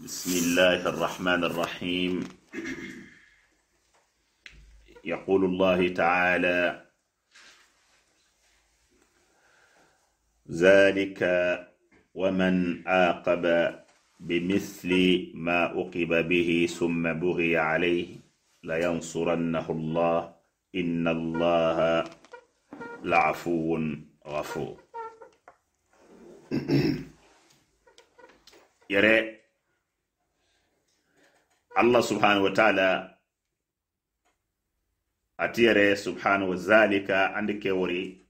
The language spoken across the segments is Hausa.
بسم الله الرحمن الرحيم يقول الله تعالى ذلك ومن عاقب بمثل ما أقب به ثم بغي عليه لينصرنه الله إن الله لعفو غفور يرى allah subhanahu wa taala ati tiyare subhanahu wa zalika andi ke wori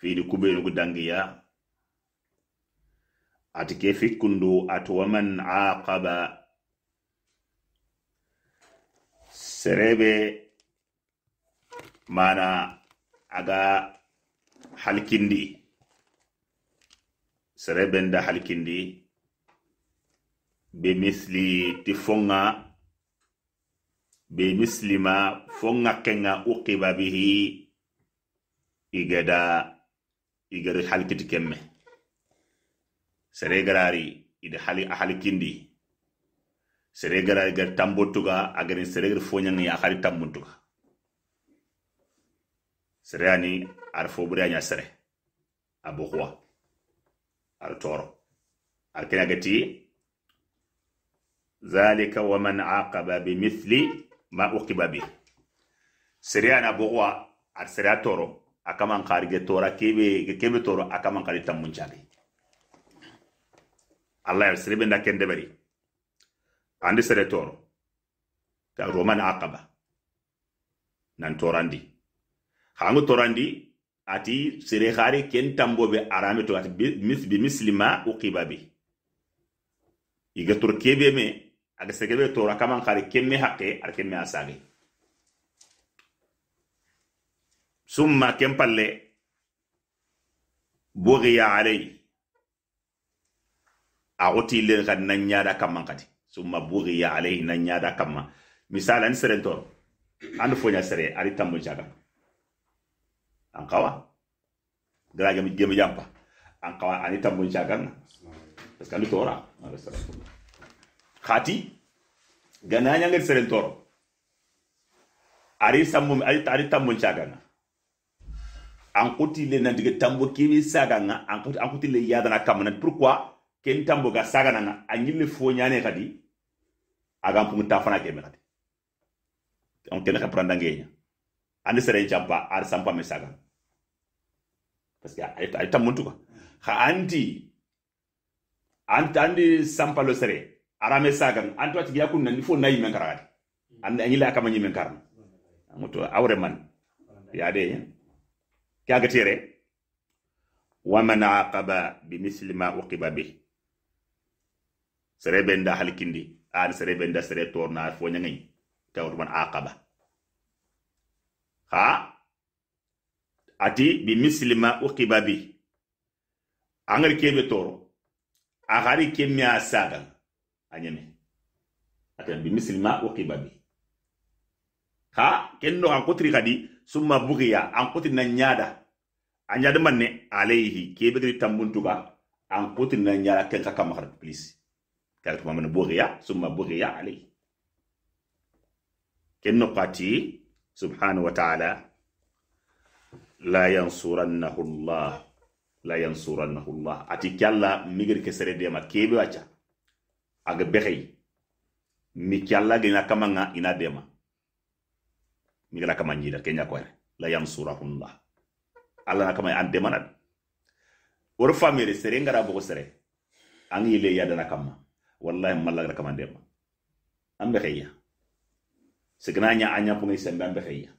kube kubenugu dangiya ati ke fikkundu ati waman aqaba serebe mana aga halkindi sereben da halkindi bemisli ti fonga bimisli ma fonga kenga uqiba bihi igada igada halkiti kemme seregarari ida hali ahalikindi sere garari gar tambotuga agar seregar gar fonyangi akhari tambuntuga sereani ar arfo buri anya sere abukhwa ar toro ar kenagati zalika wa man aqaba bimithli ma uqiba bih sereya na bogwa ar sereya toro akaman karige tora kebe kebe toro akaman kari tammun allah yar sirbe nda kende bari andi sere toro ta roman aqaba nan torandi hangu torandi ati sere khari ken tambo be arame to ati mis bi mislima uqiba bi iga kebe me aga segebe tora kaman kari kemme hakke ar kemme asage summa kem palle bughiya alayhi agoti len kad nanyada nyada kaman kati summa bughiya alayhi nan nyada kamma misala ni seren toro andu fonya sere ari tambo jaga an kawa gara gemi jampa an kawa ani tambo jaga parce que andu tora ala sallallahu khati gana ngir seren toro ari sammu ari tari tambon chaganga an kuti le nan diga tambo kebe saganga an kuti an kuti le yadana kamana pourquoi ken tambo ga sagana an yimi fo ne kadi aga pungu tafana kebe kadi on ken ka pranda ngenya ande seren champa ar sampa me saganga parce que ay tambon tuka ha anti anti andi sere arame sagan anto ati yakun ni fo nayi men karati hmm. an anyi la kama men kar muto awre man ya de kya ga tere wa man aqaba bi misli ma uqiba bi sere benda halkindi al sere benda sere torna fo nyangi tawr man aqaba ha ati bi misli ma uqiba bi angar kebe toro agari kemya sagan a atan bi misli ma uqiba bi ha ken do an kadi summa bugiya an kotiri na ñaada a ñaada manne alayhi kebegiri tambuntuka an kotiri na ñaada ken ka kamar hara kala kaga man mana summa bugiya alayhi ken no pati subhanahu wa ta'ala la yansurannahu allah la yansurannahu allah ati kala migir ke sere de ma kebe wacha aga bexey mi ke alla gena kamanga ina dema mi gala kama nyida kenya kwere la yam yansurahullah Allah na kama an dema na wor famire sere ngara bogo sere an yile yadana kama wallahi malla gala kama dema am an bexeya sigana nya anya ngi sembe am an ya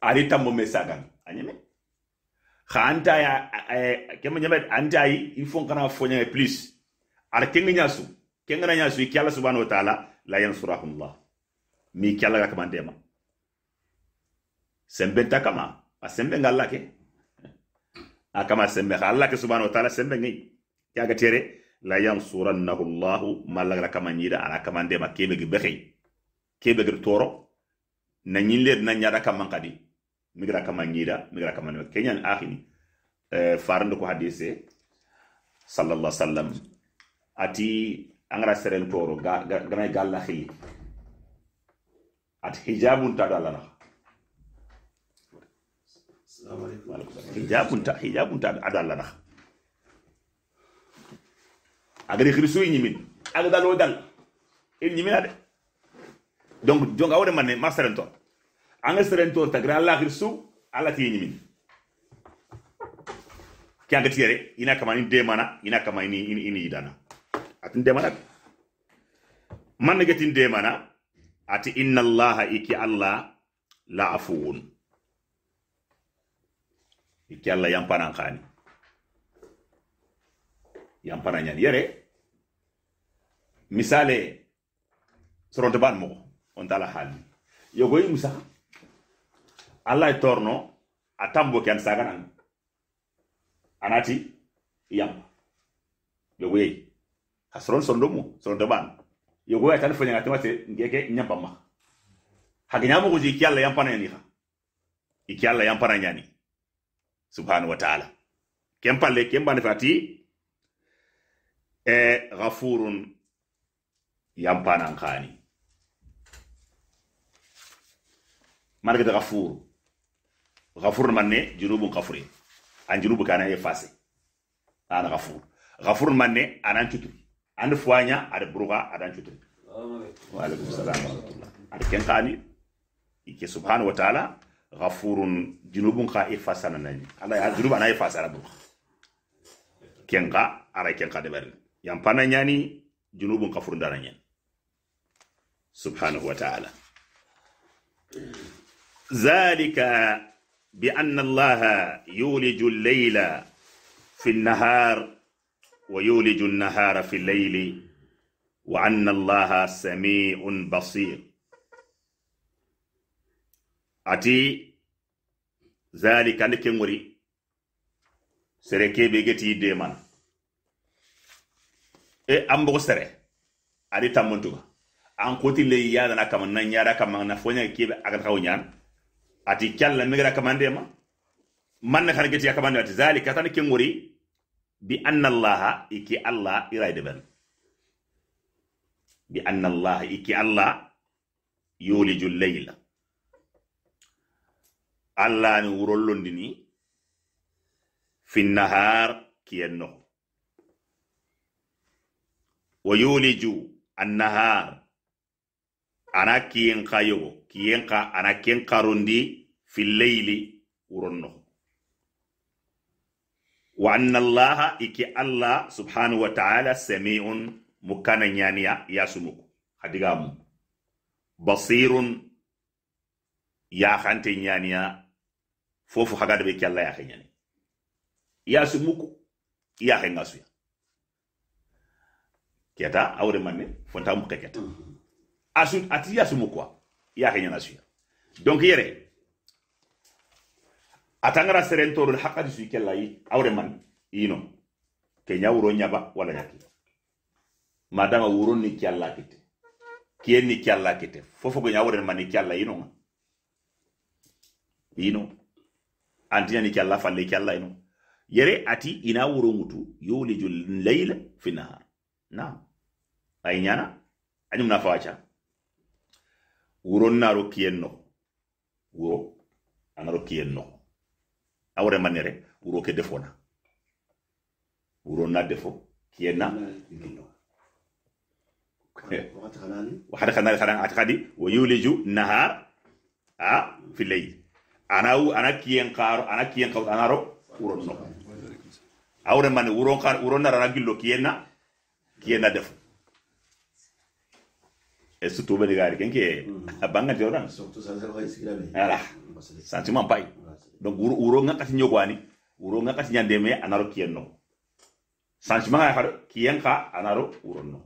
ari tambo me sagan anyame xa anta ya eh, kema nyame anta yi il faut kana fonya plus ar kenga ñasu kenga na ñasu ki Allah subhanahu wa ta'ala la yansurahumullah mi ki Allah kama ndema sembe ta kama a sembe ngalla ke a kama sembe Allah ke subhanahu wa ta'ala sembe ngi ya ga tere la yansurannahu Allah malagara kama ana ala kama ndema kebe gi kebe gi toro na ñinler na ñada kama kadi migra kama migra kama ndema kenyan akhini eh, ko hadise sallallahu alaihi wasallam ati angara serel toro gana galla xili at hijabun ta dala na hijabun ta hijabun ta adalla na agari khrisu nyimin aga dalo dal il nyimin ade donc donc awde manne ma seren to anga seren to tagra alla khrisu alla ti nyimin kyanga tiere ina kama de mana ina kama ini ini idana atin demana man getin demana ati inna allaha iki allah la afuun iki allah Yang khani Yang Pananya yere misale soronto ban mogo on tala yo goy musa allah etorno torno a saganan anati yampa yogoyeyi son sondomu ban yogo ya tan fanya ngati te ngeke ma nyabama haginyamu jiki Allah yampana yani ha Allah yampana nyani subhanahu wa ta'ala kem ban fati e ghafurun yampanan khani margata ghafur man manne jurubu ghafuri an jurubu kana e fase ana ghafur man manne anan tutu andi fuanya ada buruga ada cutu wa alaikum salam wa rahmatullah ada kenkani ike subhanahu wa ta'ala ghafurun junubun ka ifasana nani ala ya junuba na ifasana buruga kenka ara kenka de bari yang pana nyani junubun kafurun dana nyani subhanahu wa ta'ala ذلك yuliju al يولج fi an-nahar wa yuliju nahara fi al-layli wa anna Allaha sami'un basir ati zalika nde kengori sere kebe geti de man e ambo sere ari tamuntu an koti le yada na kam na nyara kam na fonya be aga taw nyan ati kyalla megara kama ma man na kan geti ya ati zalika tan nguri bi anna iki allah irayde ben bi iki allah yoliju leyla allah ni wurollondini finnahar kiyen noho wa yuliju annahar ana kiyen ka kiyen ka ana ken karondi filleyli wuron wa annallaha ike iki allah subhanahu wa ta'ala sami'un mukana nyaniya ya sumuku hadiga mu basirun ya khante nyaniya fofu hagada be Allah ya khanyani ya sumuku ya khanga suya kyata awre manne fonta mu kyata mm-hmm. asun ati ya sumukwa ya khanyana suya donc yere atangara seren toro haka di suike lai awre man ino kenya uro nyaba wala yaki madama uro ni kyalla kite kiyen ni kyalla kite fofo kenya nyawre man ni kyalla ino ino antina ni kyalla falle kyalla ino yere ati ina uro mutu yulijul layla fi nahar na ay nyana anyum na fawacha naro kiyen no anaro kiyen no awore manere wuro ke defona uro na defo kiena waxata xanani xanan ati xadi wa yuliju nahar a fi ana ana ana kiyen xaro ana kien xaw ana ro wuro no awre mane wuro xar wuro narana gillo kiena kiena defo e surtout bani gari kenke mm-hmm. banga joran surtout sans ko isira be ala sentiment pay donc wuro wuro ngaka ti nyogwani wuro ngaka ti nyandeme anaro kiyenno sentiment ha haro kiyenka anaro wuro no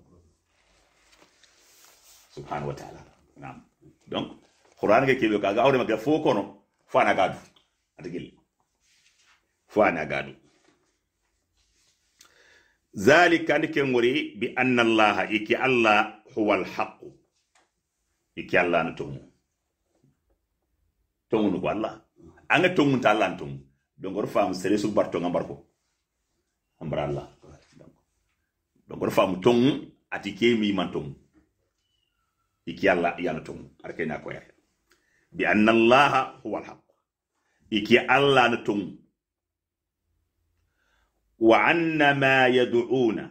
subhanahu wa ta'ala nam donc qur'an ke kebe kaga awre maga fo kono fo anagadu atigil fo anagadu ذلك نكن bi anna الله إكي الله هو الحق i ike Allah na tongu tongu nuko Allah anga tongu ta Allah tongu donc or fam sere su barto nga barko ambra Allah donc or fam tongu ati ke mi man tongu ke ala ya na tongu arke na ko ya bi anna Allah huwa al-haq ike Allah na tongu wa anna ma yad'una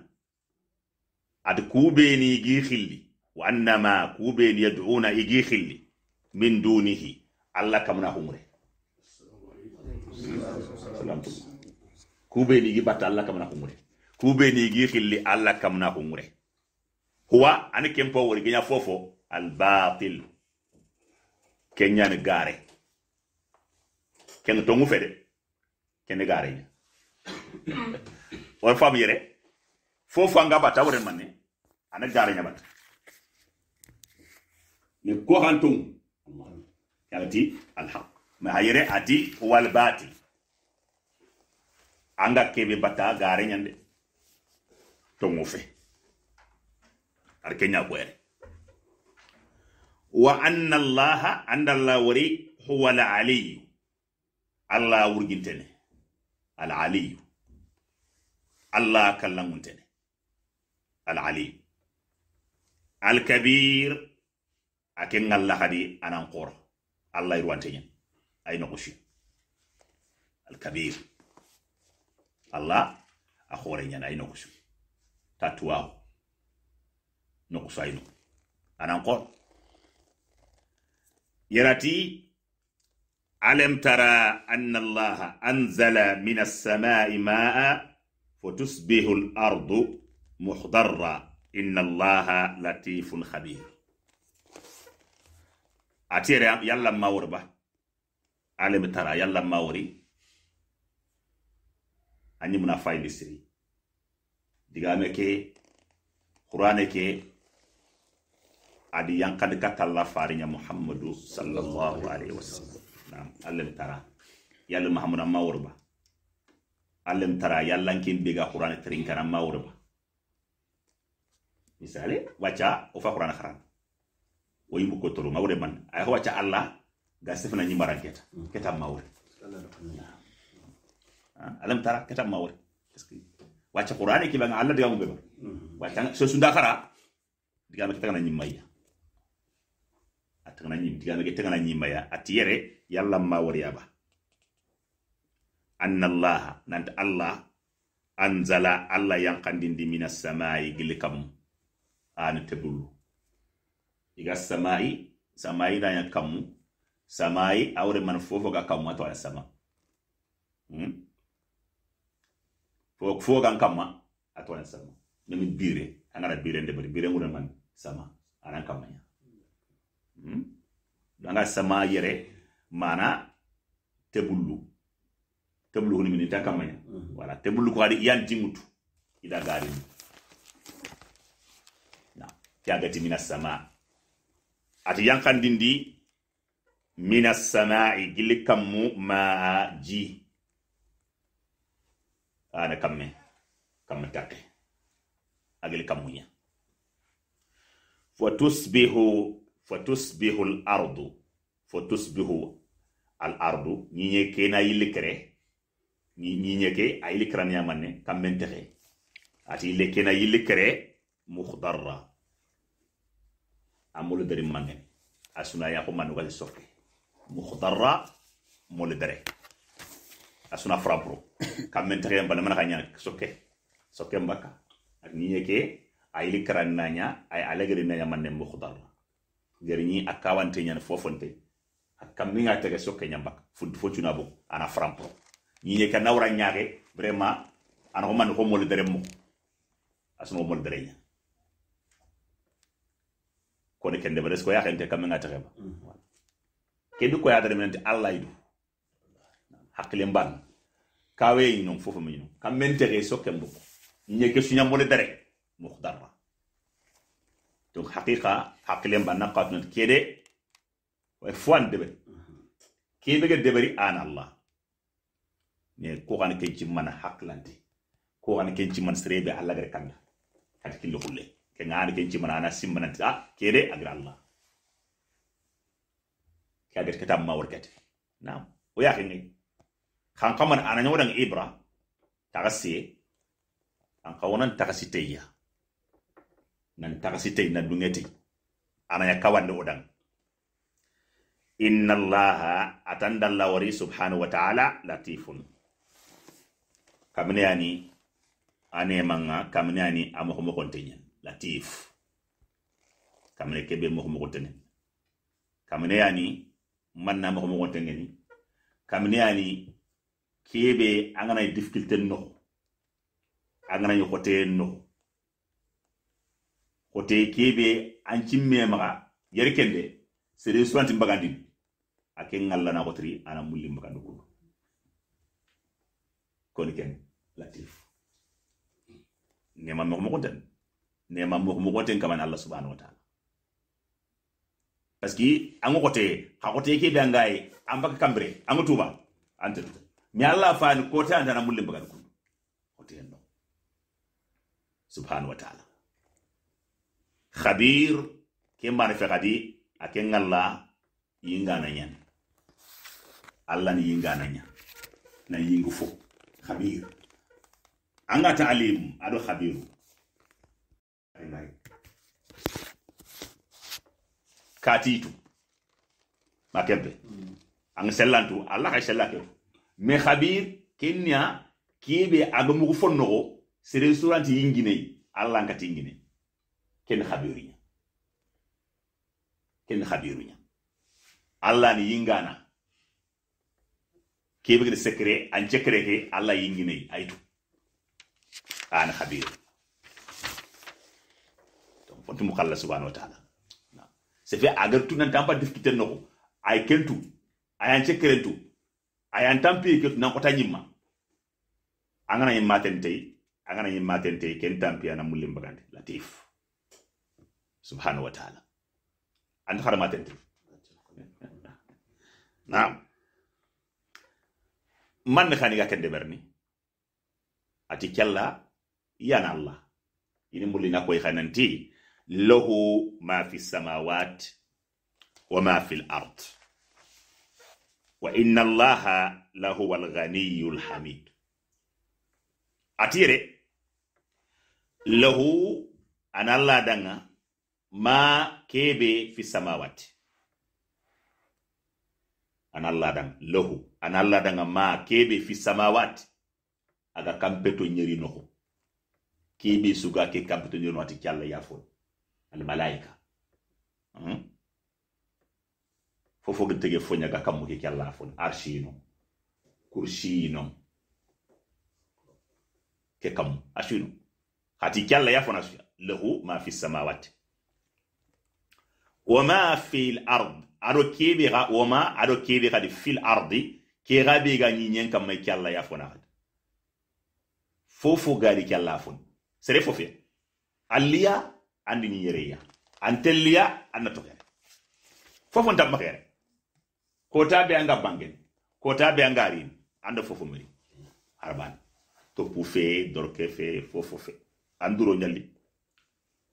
ad ni gi khilli wa annama kuɓen yad'una igi xilli min dunihi allah kamna humre kuɓen igi batta allah kamna humre kuɓen igi xilli allah kamna humre huwa ani kempo wori geña fofo albatil keñani gare kene tongu fede kene gareña wor fam yere fofo anga batta woren mais ko hantum allah yalati alhaq ma hayre ati wal batil anga kebe bata gare nyande to ngufe arkenya kwere wa anna allaha anda allah wari huwa al aliyu allah wurgintene al aliyu allah kallanguntene al aliyu al kabir ake ngalla hadi anan qora allah irwantenya ay no kushi al kabir allah akhore khore ay no kushi tatwa no no anan qora yarati ألم ترى أن الله أنزل من السماء ماء al-ardu muhdarra inna allah latifun khabir a yɛrɛ yalla mawor ba ale tara yalla mawori anyi muna fayli siri diga me ke kurane ke adi yankadi katalla farinya muhammadu sallallahu alaihi wasallam sallam ale tara yalla mahamuna mawor ba ale tara yalla kin biga kurane trin kana mawor ba misali wacha ufa qur'ane kharan wo yimu ko toro mawre man ay wacha allah ga sefna ni maranketa keta mawre ah, alam tara keta mawre wacha qur'ani ke bang allah digamu beba wacha so sunda khara digamu keta ni maya atangana ni digamu tagana ni maya atiyere yalla mawre yaba anna allah nant allah anzala allah yankandindi minas samai gilikam anu tebulu iga samai samai na ya kamu samai awre man fofo ga kamu to ya sama hmm? fo fo ga kamma ato ya sama mi bire angara bire nde bari bire ngure man sama kamma ya hmm? anga sama yere mana tebulu tebulu ko ni ta kamma ya hmm. wala tebulu ko ari yan mutu ida gari na tiagati mina sama ati yankandindi mina samai gilli kammu maa ji ana kamme kamme takke agilli kammuña fatusbihu fatusbihu l ardu fatusbihu al ardu ke na ke a yilli kiraniyamanne kammen texe ati ke na muhdarra amul dari mangen asuna ya ko manu kali sokke mukhtarra mulu dere asuna frapro kamen tare ban mana kanya sokke sokke mbaka ak ni ke aili karan nanya ay alagri nanya manne mukhtarra gari ni akawan nyan fofonte akaminga tege sokke nyambak fud fotuna bu ana frapro ni ke nawra nyaage vraiment ana ko man ko mulu dere mu asuna dere nya kone kende bare ko yaxente kam nga taxeba mm. kedu koya yadare men allah idu hakle mban kawe yinon fofu min kam men tere so kembo nyeke sunya mole dare mukhdarra donc haqiqa hakle mban na qatnat kede way fuan debe kebe ge debari an allah ne ko kan ke jimman haklanti ko kan ke jimman serebe allah gare kanda kat kille kulle ke ngani ken cimana na simmananti a kede agar allah kaget kata mau warkat nam o kini, kan kaman ananya wadang ibra takasi an kawanan tagasi teya nan tagasi tey na dungeti ananya kawande odang inna allaha atanda allah wari subhanahu wa ta'ala latifun kamne ani ane manga kamne ani amu mokonte nyen latif kamene kebe mogo mogo tene kamene yani manna mogo mogo tene ni kamene yani kebe angana difficulté no angana yo kote no kote kebe anci memaga yeri kende sere suwanti mbagandi ake ngalla na kotri ana mulli mbagandi kudu koni ken latif nema mogo mogo tene nema mogoten kamar allah subhanahu wa taala parce que an gote ha gote ke be ngai an baka kambire an tuba an tuba mi allah fa ni kota an dana mulle bagal kun gote en subhanahu wa ta'ala khabir ke ma kadi a ke ngalla allah yinga na yan. allah ni yi na yan. na yi ngufo. khabir anga alim ado khabiru Kati itu, makempe mm. ang sellantu alla kay me khabir kenya kebe agamu fonno se restaurant yingine Allah ngati yingine ken khabirinya ken khabirunya alla ni yingana kebe ke secret an secret ke yingine aitu an khabir mu xalla subhanahu wa taala c'est nah, fait agar tu nan tampa difficulté noko ay kentu ayan ce ay ayan tampi ke nan kota nyimma angana yimma tentei angana yimma tentei ken tampi ana mulim bagandi latif subhanahu wa ta'ala and tei. Nah, naam man khani ga kende berni ati kella yana allah ini mulina koy khananti lahu ma fi samawat wa ma fil ard wa inna allaha lahu al-ghaniyyul hamid atire lahu an allah danga ma kebe fi samawati an allah lahu an allah danga ma kebe fi samawati aga kampeto nyeri noho kebe suga ke kampeto nyeri almalaika hmm? fofo gi tege foñaga kammu ke kella fon arsino kursino ke kammu asino hati ya yafon asuya lahu ma fi samawati wama fi lard aɗo keɓe xa woma aɗo keɓe xadi fil ardi ke xa ɓe ga ñiñen kamma ke alla fo xadi fofo gadi ke alla fon sere fofe alliya andi ni ya. antelliya annato kene Fofon ndamma kene kota be anga bangen kota be anga rin anda fofu mari harban to pufe ke fe fofu fe anduro nyalli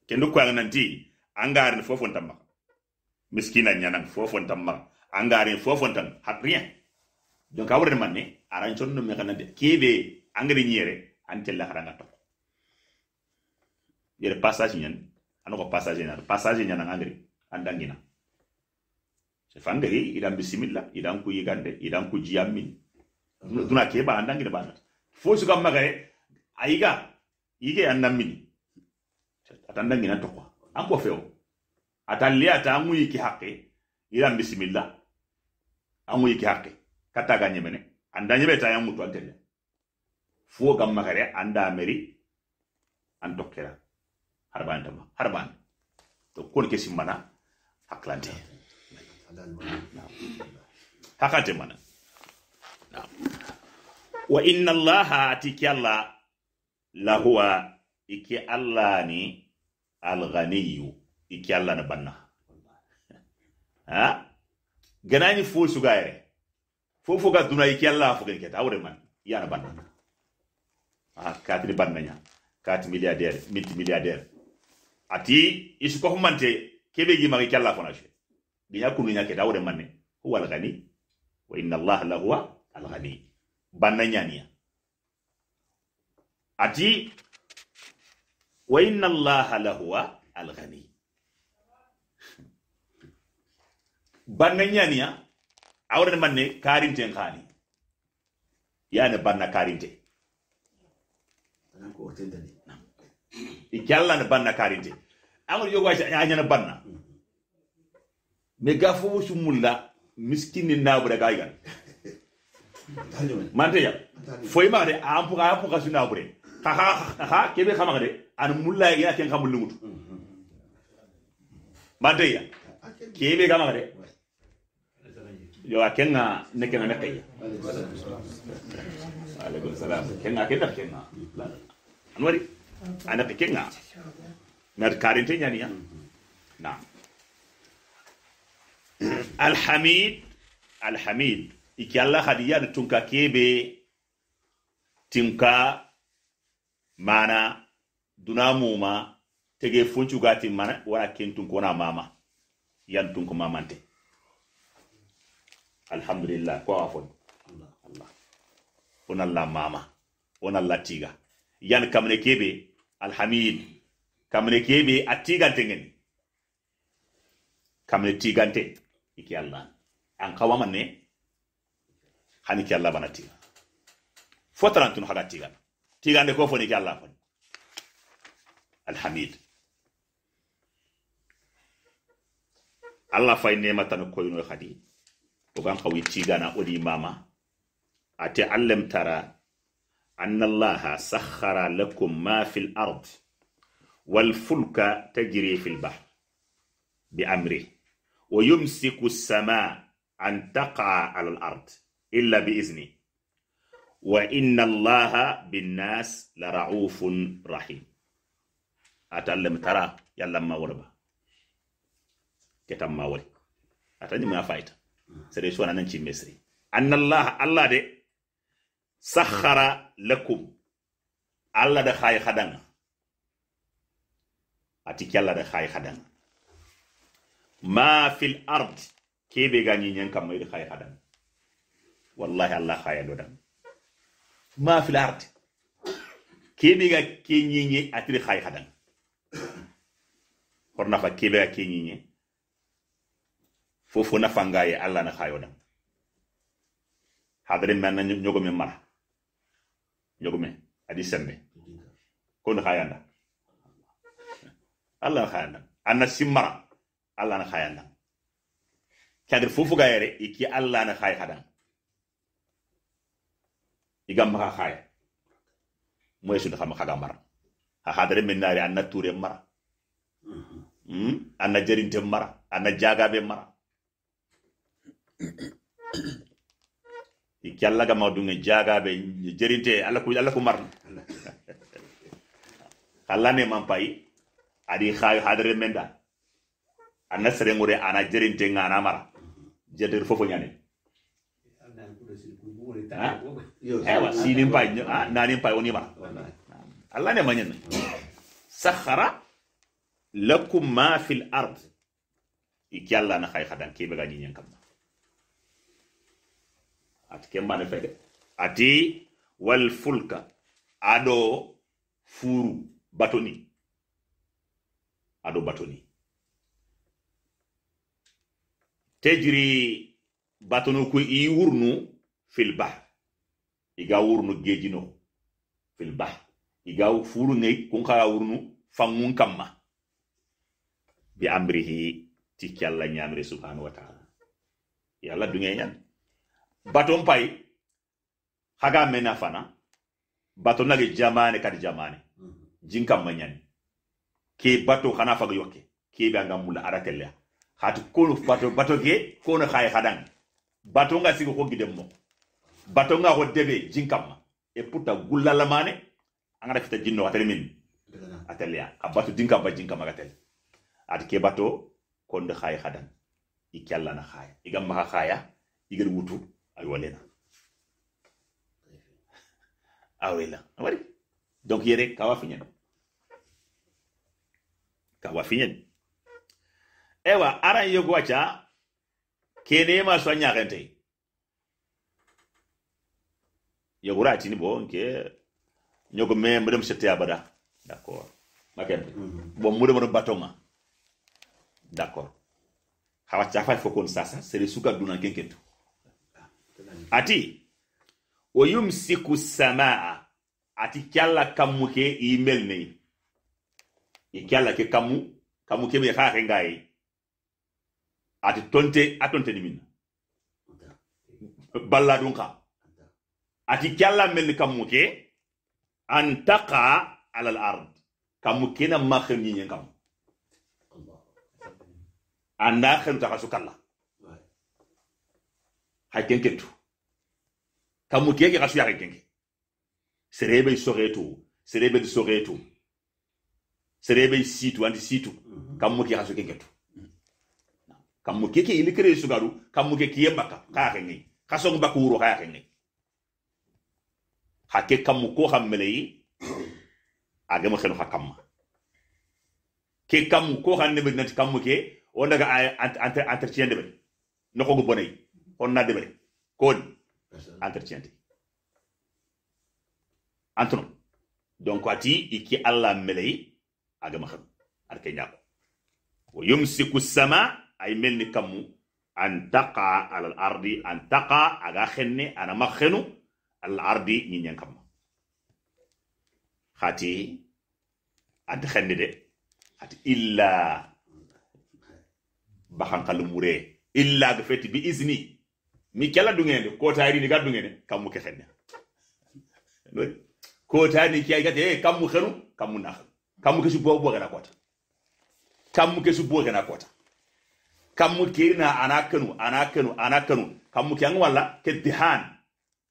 kendo ko nanti anga rin fofo ndamma miskina nyana fofo ndamma anga rin fofo hat hatriya donc awre manne aran no me kanande kebe angri nyere antella haranga to yere passage ko passage ñana passage ñana ngangri andangina hi idan bisimilla idan ku yigande idan ku jiammi duna keba andangina ba fo suga magare ayiga yige andammini atandangina an ko feo atallia ta angu yiki hakke idan bisimilla angu yiki kata kataga nyemene beta ta ya yangu tuantele fo gamma kare anda ameri antokera harban dama harban to kol ke simmana haklante hakate mana wa inna allaha atiki alla huwa iki alla ni alghaniyu iki alla na banna ha ganani su sugaire Full fu ga duna iki alla fu gel ta wure man ya na banna ah kadri banna nya kat milliardaire multimilliardaire ati isuko humante kebe gi magi kalla fona she biya kunu nya ke dawre manne huwa al-ghani wa inna allaha la huwa al-ghani banna nyaniya ati wa inna allaha la huwa al-ghani banna nyaniya awre manne karinte khani yani banna karinte ko tendani ike na banna karinte angol yogo añana banna mais Mega fofo mula miskinin nabuda gaygan mante ya foy ma de ampu ka ampu ka suna bure ha ha ha kebe kama de an mulla ya ken kamul lungutu mante ya kebe kama de yo aken na ne ken na salam ken na ken na ken na anwari anati kenga nati karinte ñaniya na alhamid alhamid iki alla hadi yadu tunka kebe tinka mana duna muma tege funcugati mana wona kentunko wona mama yan tunko mamante alhamdulillah ko awa fon allah wona alla mama wona alla tiga yan kamne kebe alhamid kamne kebe atigante ngeni kamne tigante iki allah an kawama ne hani ki allah bana tiga fotarantun haga tigana tigande ko foni ki allah foni alhamid allah fay nematano koyno hadi ogan kawi tigana odi mama ate allem tara أن الله سخر لكم ما في الأرض والفلك تجري في البحر بأمره ويمسك السماء أن تقع على الأرض إلا بإذنه وإن الله بالناس لرعوف رحيم أتعلم ترى يلا ما وربا كتم ما ولي أتعلم ما فايت أنا ننشي مصري أن الله الله دي سخر lakum alla da khay khadanga ati kyalla da khay khadanga ma fil ard kebe ga nyi nyanka mai da khay khadanga wallahi allah khaya do dan ma fil ard kebe ga ke nyi nyi ati da khay khadanga horna fa kebe ga ke nyi nyi fofo na fangaye alla na khayo dan hadrin man nyogo men mara yogume adi sembe kono hayanda allah na hayanda anna simmara allah na hayanda kadir fufu ga yere iki allah na hay hadan igam ma hay moy su xam xaga mar ha hadare min nari anna ture mara hmm anna jarinte ana anna be mara i alla ga dunge jaga be jerinte alla ku alla ku mar alla ne man pai adi khay hadre menda anna sere ngure ana jerinte ngana mar jeder fofo nyane ewa eh, sini pai ah, nani pai oni mara oh, alla ne manyen sakhara lakum ma fil ard i alla na khay khadan kebe ga nyen ati kembane fede ati wal fulka ado furu batoni ado batoni tejiri batonu ku i wurnu fil bahr iga wurnu gejino fil bahr iga furu ne kun ka wurnu fangun kamma bi amrihi ti kyalla nyamre subhanahu wa ta'ala yalla yan. baton pai haga mena fana baton nage jamane kadi jamane mm-hmm. jinka manyani ke bato hana faga yoke ke bi anga mula arakelle hatu kono bato bato ke kono khay hadan bato nga sigo ko gidem bato nga ko debe jinkam ma e puta gullala mane anga fita jinno atel min atel ya abato jinkam ba jinkam atel ati ke bato kondo khay hadan ikalla na khaya igam ma khaya igar wutu aywanena awela awari donc yere kawa fiñen kawa fiñen ewa ara yogo waca kene ma so ñaxente yogura atini bo nke ñogo me mbrem abada d'accord makempe mhm. bon mude mo batonga d'accord xawa ca fokon sasa sere suka dunan kenkento ati wa yumsiku samaa ati kyalla kammu ke i mel nei i kyalla ke kammu kammu ke be xaaxe ngaye ati tonte a tonte ni minna balla dun ka ati kyalla mel ni kammu ke an taqa ala al ard kammu ke na ma xem ni kam anda xem taxa su kalla hay ken kamuti yake kasu yake kengi serebe isoretu serebe isoretu serebe situ anti situ kamuti kasu kengetu kamuti yake ile kere sugaru kamuti yake yembaka ka kengi kasong ka so kengi hake kamuko hammeleyi ka khenu ha ke kamu ko ne be nati kamu ke o daga entretien de be no ko bonay on na de be ko entretien te antono donc ati iki alla melei agama kham arke nyako wa yumsiku sama ay melni kamu an taqa ala al ardi an taqa aga khenne ana makhenu al ardi ni nyen kam khati ad khenne de khati illa bahan kalumure illa gafeti bi izni mi kela dungende kotari ni gadungene kamu kexenne kotani ki ayigate e eh, kamu xenu kamu naxen kamu ke subo bo gana kota kamu ke subo gana kota kamu ke na ana kanu ana kanu ana kanu wala ke dihan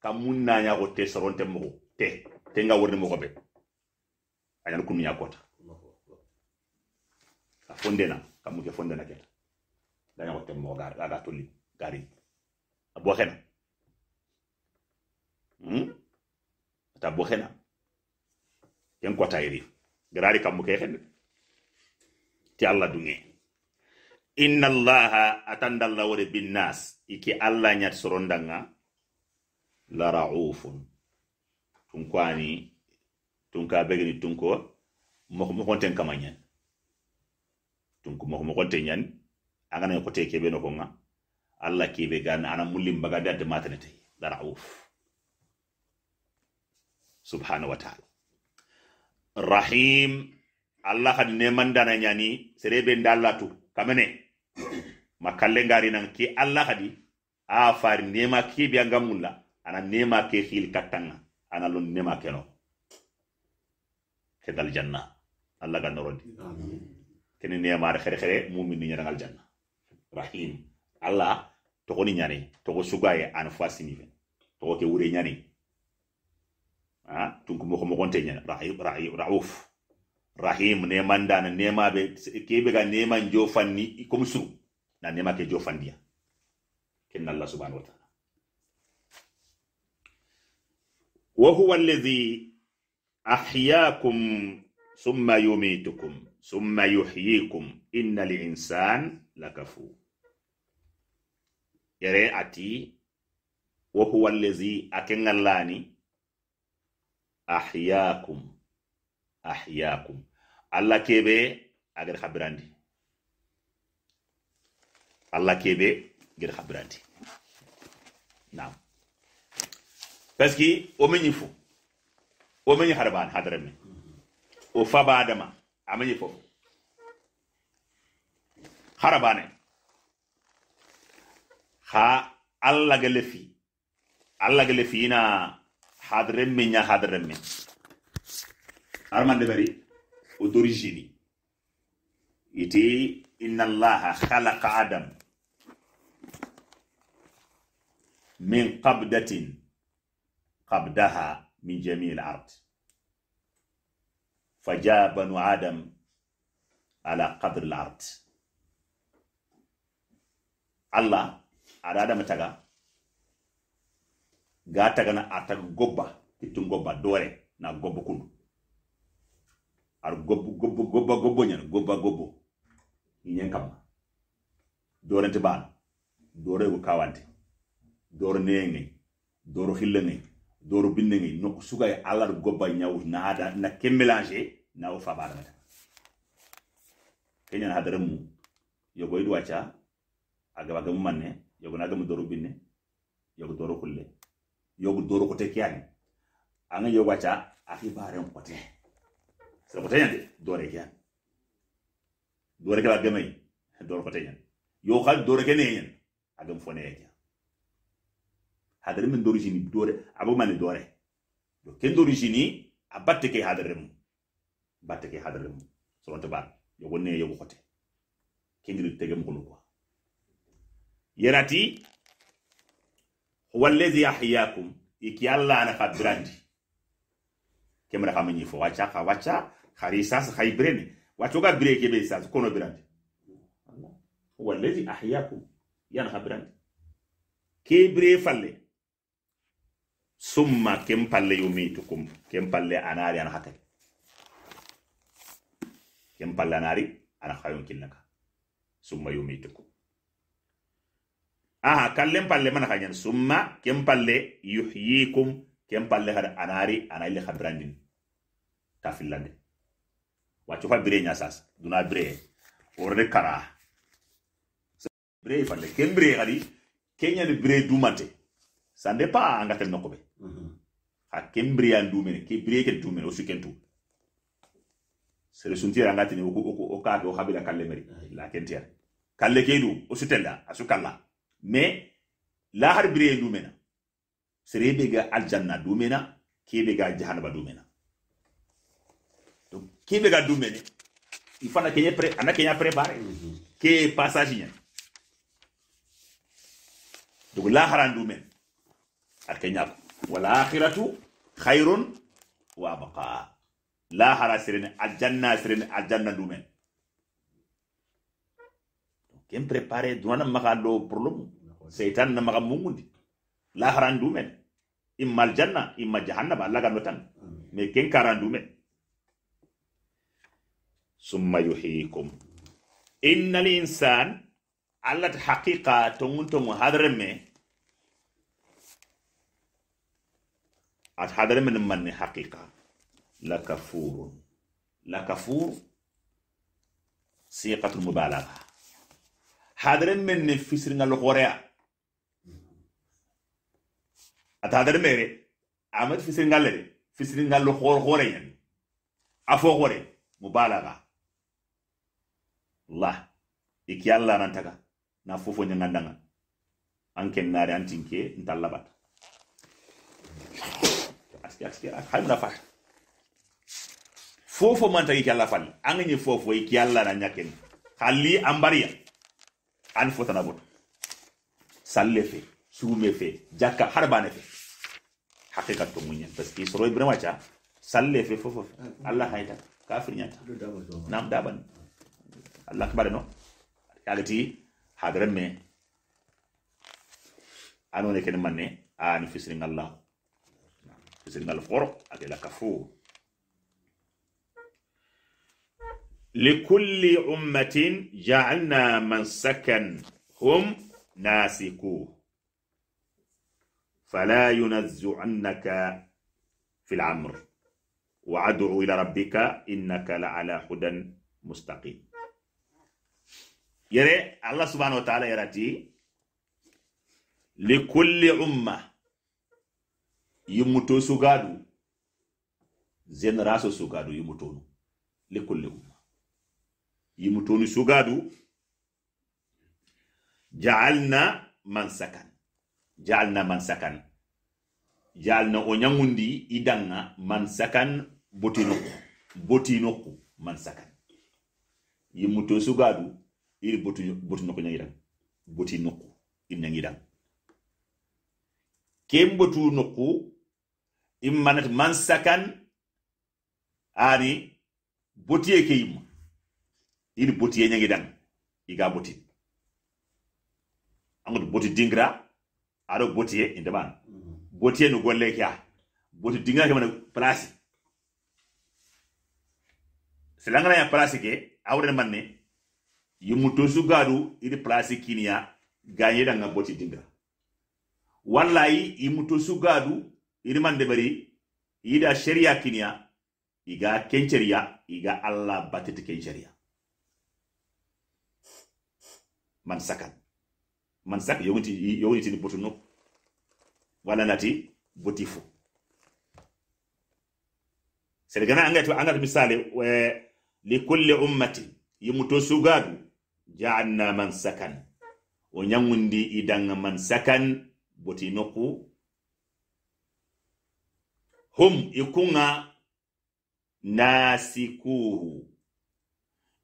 kamu na nya go te soronte mo te te nga worne mo be ayan kunu nya kota ka fondena kamu ke fondena ke da nya te mo gar ga toli gari aboxena hmm? ata boxena yang kotayiri garari kammu ke ti allah dunge inna allaha atandalla wore binnas iki allah ñat sorondanga la raufun tunkwani tunka begini tunko moxomoxonten kama ñan tunku moxomoxonte ñan angana kote kebe noxonga allah keɓe gan ana mullimbaga de adde matane tahi dara uf subhanahu wa rahim allah kadi nemandana ñani serebe nda allah tu kamene ma kalle ngari nan ke allah di. a fari nema keɓe anga mulla ana nema ke fil kattanga ana lon nema keno kedal janna allah ga norodi kene nemare xere xere mumin ni ñanangal janna rahim alla togo ni ñani togo sugaye an fa sini fe togo ke wure ñani a tunku moko mogonte ñani rauf rahim neman dana nema be kebe ga fanni jofanni ikum su na nema ke jofandiya kenna allah subhanahu wa ta'ala wa huwa alladhi ahyaakum thumma yumitukum thumma yuhyikum inna al-insana lakafur yere ati wa huwa allazi akengallani ahyakum ahyakum allah kebe agar habirandi allah kebe gir habirandi naam parce o meñi fu o meñi harban hadara me o fabadama amañi fo harabane ha alla ga lefi alla ga lefi na hadremme nya hadremme armande bari o d'origine iti inna allah khalaqa adam min qabdatin qabdaha min jami' al-ard فجاء بنو آدم على قدر الأرض الله ada dama taga ga tagana a gobba ittu gobba doore na gobbo kundu ar gobbo gobbo gobba gobbo ñana gobba gobbo ñen kamma dorente baana dorego kawante doro neye ngay doro xilla ngay doro binde ngay no sugay alar gobba ñawu naada na ke mélanger nawo fabaramata keñana hadaremu yogoyidu wacca a gabagamu manne yogo nagam doru binne yogu doru kulle yogu doru kote kyani anga yogu acha aki baren kote sa kote nyante dore kyan dore kala gamai dore kote nyan yo khal dore kene nyan agam fone kyan hadare min doru jini dore abu mani dore yo ken doru jini abatte ke hadare mu batte ke hadare mu so wonta ba yogu ne yogo kote kengiri tege mukulu kwa yerati huwa allazi yahyakum iki alla ana fadrandi fabrandi kemra kama fo wacha ka wacha khari sasa khaibrene watu ga break be sasa kono brandi huwa allazi ahyakum yana fabrandi ke bre falle summa kem palle yumitukum kem palle anari ana hakati kem palle anari ana khayun kinaka summa yumitukum aha kallem palle mana kanyan summa kem palle yuhyikum kem palle har anari anayle khabrandin kafillande wacu fa bire nyasas duna bire orne kara bire palle kem bire gadi kenya ni bire dumante n'est pas anga tel nokobe mhm. ha kem bire andumene ke bire ke dumene o sukentu sere suntira anga tini o ko o ka o kalle meri la kentia kalle kedu o sutenda asukalla me lahar bire dumena serebe ga aljanna dumena kebe ga jahannama dumena donc kebe ga dumene il faut na kenya pre ana kenya prepare ke passage nya donc lahara dumena akenya kenya wal akhiratu khairun wa baqa lahara sirene aljanna sirene aljanna dumena ken prepare duana makalo lo problème seitan na maga mungundi la harandu men imma aljanna imma jahannaba alla ga notan me ken karandu men summa yuhyikum innal insan alla ta haqiqa tongun tongu hadrame at hadrame min manni haqiqa la kafurun la kafur siqatul mubalagha hadrame ne fisringa lo khorea ata dar mere amat fisir galere de fisir ngallo khor khore yan afo khore mubalaga la iki alla nan taga na fofo nyangandanga anke nare antinke ntallabat aski aski halmna fat fofo man tagi alla fal angani fofo iki alla nan nyaken khali ambaria ya. an fotana bot sallefe sumefe jakka harbane حقيقة تومينيا بس كيس روي بنا واجا سلة في فوف الله هيدا كافر نيتا نام دابن الله كبار نو يعني حضرم مي أنو نكين مني أنا في سرنا الله في سرنا الفور أكيد كفو لكل أمة جعلنا من سكن هم ناسكوه فلا ينزعنك في العمر وادعو الى ربك انك لعلى هدى مستقيم يرى الله سبحانه وتعالى يراتي لكل امه يموتو سوغادو زين راسو سوغادو يموتو لكل امه يموتون سوغادو جعلنا من سكن جعلنا من سكن yalna o ñangundi i man sakan botinokku botinokku man sakan yimmuto sugadu iri botinokku ñangidan botinokku in ñangidan ken botu nokku in man sakan ani botiye ke yimma iri botiye ñangidan iga boti angoti boti dingra aɗo botiye indemana botiye no golle kya boti dinga ke mana place selangana ya place ke awre manne yimu to su garu iri place kiniya ganye da nga boti dinga wallahi yimu to su garu iri mande bari ida sharia kiniya iga e kencheriya iga e allah batete kencheriya man sakan man sak yowti yowti ni botu nokku wala nati boti fo sede gana angati angati li kulli ummati yimuto sugadu ja'alna man sakan o ñangundi idanga man sakan botinoku hum ikunga nasikuhu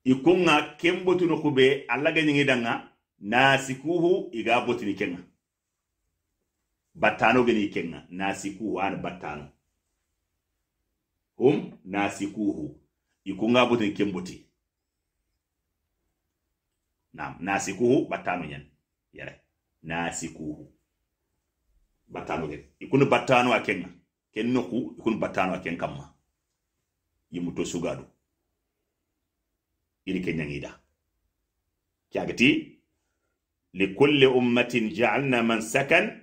i kunga ken botinu kube alla danga nasikuhu iga kenga battano gene kenga nasiku wan battano hum nasiku hu ikunga buten kemboti nam nasiku hu battano nyen yare nasiku hu battano gene ikunu battano a kenga kenno ku ikunu battano a ken kamma yimuto sugadu iri kenya ngida kyagati li kulli ummatin ja'alna man sakan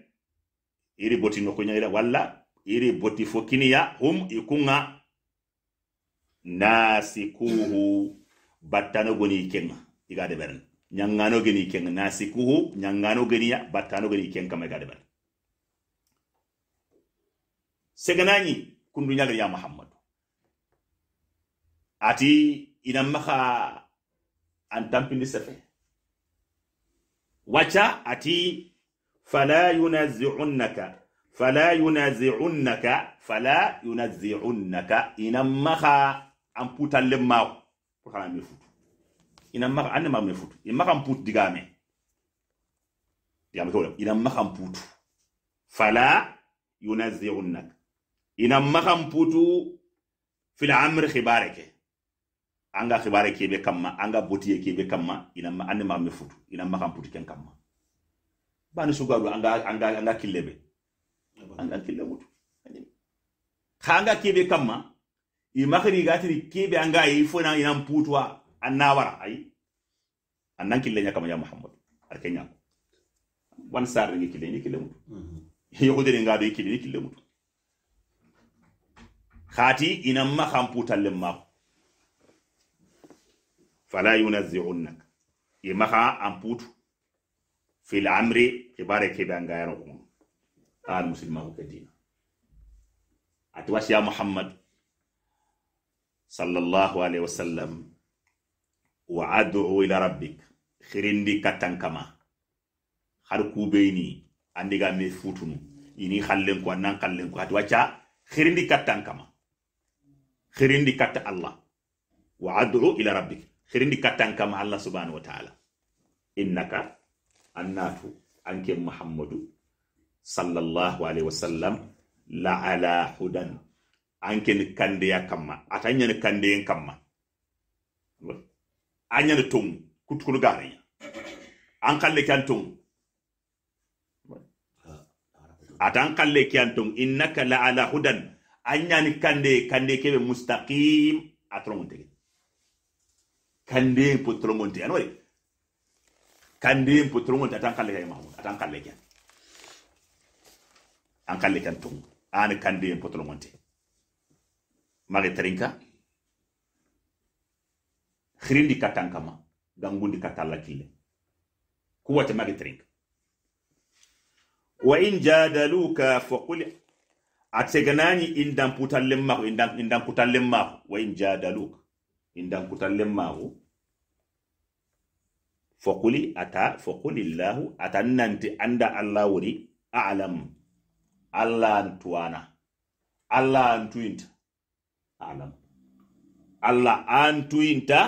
iri boti ira walla iri boti fokini ya hum i nasikuhu battano goni i kenga iga deɓeren ñangano geni i kenga nasikuhu ñangano geniya battano geni i ken kama iga ber seganañi kundu ñagar ya muhammad ati ina maha an tampindi sefe wacha ati fala yunazi'unnaka fala yunazi'unnaka fala yunazi'unnaka ina maxa an putallen maxu pour xana futu ina maxa an ne maxa futu ina maxa an putu digame digame kewolem ina maxa an putu fala yunazi'unnaka ina maxa an putu fil amri xibare ke anga xibare kebe kamma anga botiye kebe kamma ina an ne futu ina an putu bani an ga anga be an ga kille mutu ka ga kebe kamma i makari tiri kebe ga yi fona ina an nawara ayi nan kille nya kama ya muhammad arkenya wan sar ngi kille ni kille mutu yoko de nga be kille ni kille mutu khati ina ma kamputa lemma fala yunazihunnak i maha amputu fil amri ibare ke be angayano ko al muslima ko muhammad sallallahu alaihi wasallam wa ad'u ila rabbik khirindi katan kama har andiga me futunu ini khallen ko nan khallen ko khirindi katan kama khirindi kat allah wa ad'u ila rabbik khirindi katan kama allah subhanahu wa ta'ala innaka annatu anke muhammadu sallallahu alaihi wasallam la ala hudan anke ni kande ya kamma atanya ni kande ya kamma anya ni tung kutkul gari ankalle kalle kan tung atan kalle kan tung innaka la ala hudan anya ni kande kande kebe mustaqim atrongonte kande potrongonte anori kande kandi potrongo ta tan kalle ma tan kalle kya an kalle kan tun an kandi potrongo te mare trinka khirindi katan kama gangundi katalla kile kuwata mare trinka wa in jadaluka faqul atseganani indan putallen mako indan indan kutallen mako wa in jadaluka indan kutallen mako fokuli ata fokulillahu ata nanti anda allah wori alam allah antuwana allah antuyinta alam allah antuyinta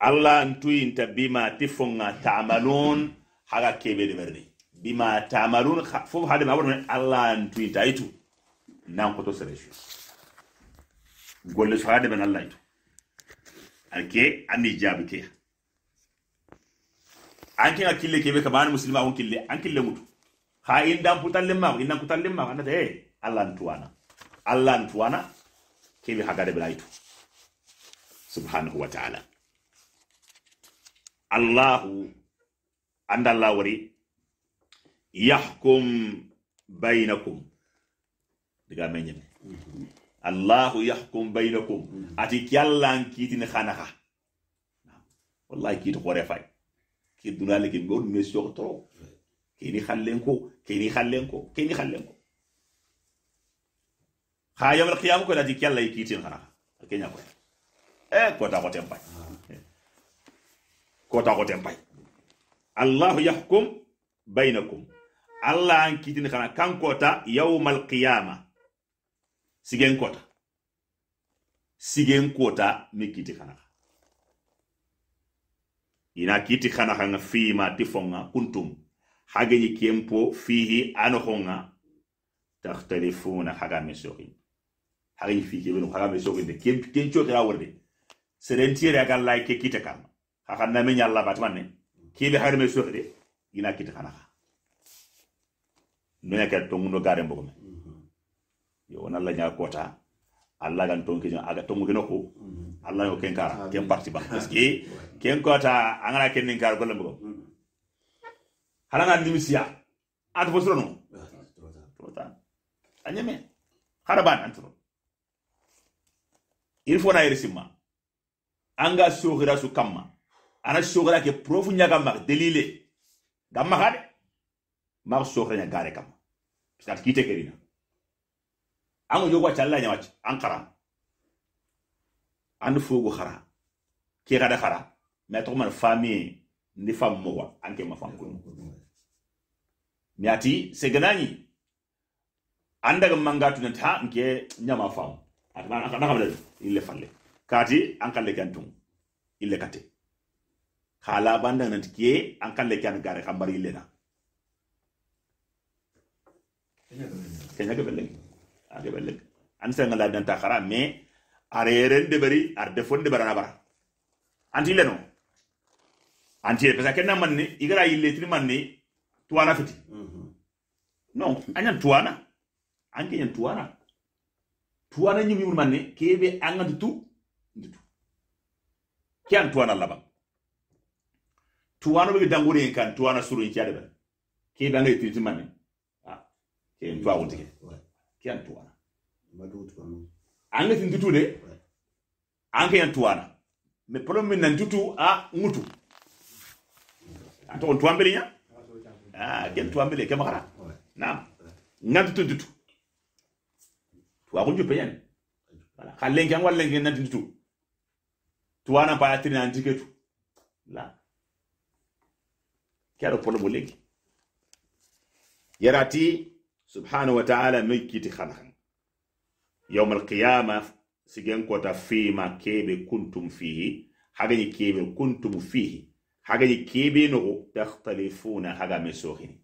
allah bi bima ti fonga tamalun haga keɓede merni bima tamalun fof hade ma waɗone allah antuyinta ayitu nankoto séréfi golle so haade men allah yitu anke anni jaabi keya anke ga kille kebe kabana muslima on kille an kille mutu ha inda putalle ma inda putalle ma anda de eh, allah ntuwana allah ntuwana kebe hagade bilaitu subhanahu wa ta'ala allah anda allah wari yahkum bainakum diga menyeme allah yahkum bainakum ati kyallan kitini khanaha wallahi kitu khore fay ki dunale ke gol me sur trop ki ki ni ni ko tro kini khallenko kini khallenko ko kha ha yawal qiyam ko la lati kyalla yikitin ha nya ko e eh, ko ta ko tempay ko ta ko tempay allah yahkum bainakum allah an kitin kana kan ko ta yawm al qiyamah sigen ko ta sigen kota mi kiti kana ina kiti hanga fima ti foŋa kuntum ni kempo fihi anohoŋa tahtalifuna hagame sohin hageyi fi kebenu hagame sohinde kencokira wurde serentiyere agalla ke e kita kama hakanname ñalla batimanne har hagame de ina kiti hanaha nuna kata tongundo garen bogome mhm. yo wona alla nya kota alla gan tonkino aga tongukino ko mm -hmm. allah yo ken kara ken parti ba parce ken ko ta angana ken nin kar golle mbo halanga ndimisiya at bosro no eh, tota anyame haraban antro il fo na irisima anga sogira su kamma ana sogira ke profu nyaga mak delile gamma hade ma sogira nyaga gare kamma parce kite kerina amu ango jogwa challa ankara an fogo khara ke gada khara me to man fami ndi fam mo wa anke ma fam ko miati seganani andaga mangatu na ta nke nyama fam atana kana kamda ille falle kati an kalle kantum ille kate kala banda nan ke an kalle kan gare kambar ille na kenya ga belleng kenya ga belleng an sai ngala dan ta khara me are yeren ar defon de barana bara anti leno anti pesa kenna manni igara yille tri manni tuana fiti mm -hmm. non anyan tuana anke nyan tuana tuana nyumi mun manni kebe anga dutu dutu kyan tuana laban tuana be dangure kan tuana suru in kyade kebe anga tri manni ah kyan tuana mhm. kyan tuana madu tuana anga tin tutu de anka yan tuwana me problem min nan tutu a ngutu ato tuambele nya ah ken tuambele ke makara naam ngantu tutu tutu tuwa ko jupe yan wala kallen kan an kan nan tin dutu tuwana pa tin nan tiketu la kero problem legi yarati subhanahu wa ta'ala mai kiti khalaqan يوم القيامة سيجن كوتا ما كيب كنتم فيه حاجة كيب كنتم فيه حاجة كيب نو تختلفون حاجة مسوخين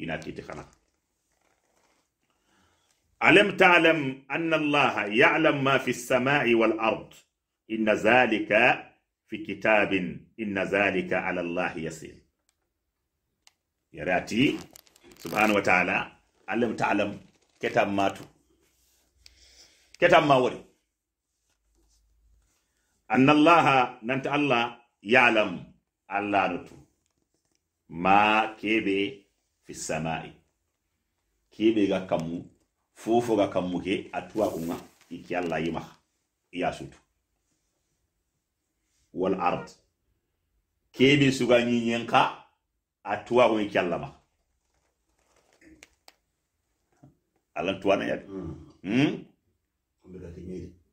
إنا تيتخنا ألم تعلم أن الله يعلم ما في السماء والأرض إن ذلك في كتاب إن ذلك على الله يسير يراتي سبحانه وتعالى ألم تعلم كتاب ماتو ketan ma wori anna allaha nanta allah yalam allah no tu ma kebe fi samai kebe ga kammu fofo ga kammu ke atuwa kuma iki allah ma iya sutu wal ard kebe suga nyinyen ka atuwa kuma iki allah ma allah tuwa na yadda hmm. Hmm?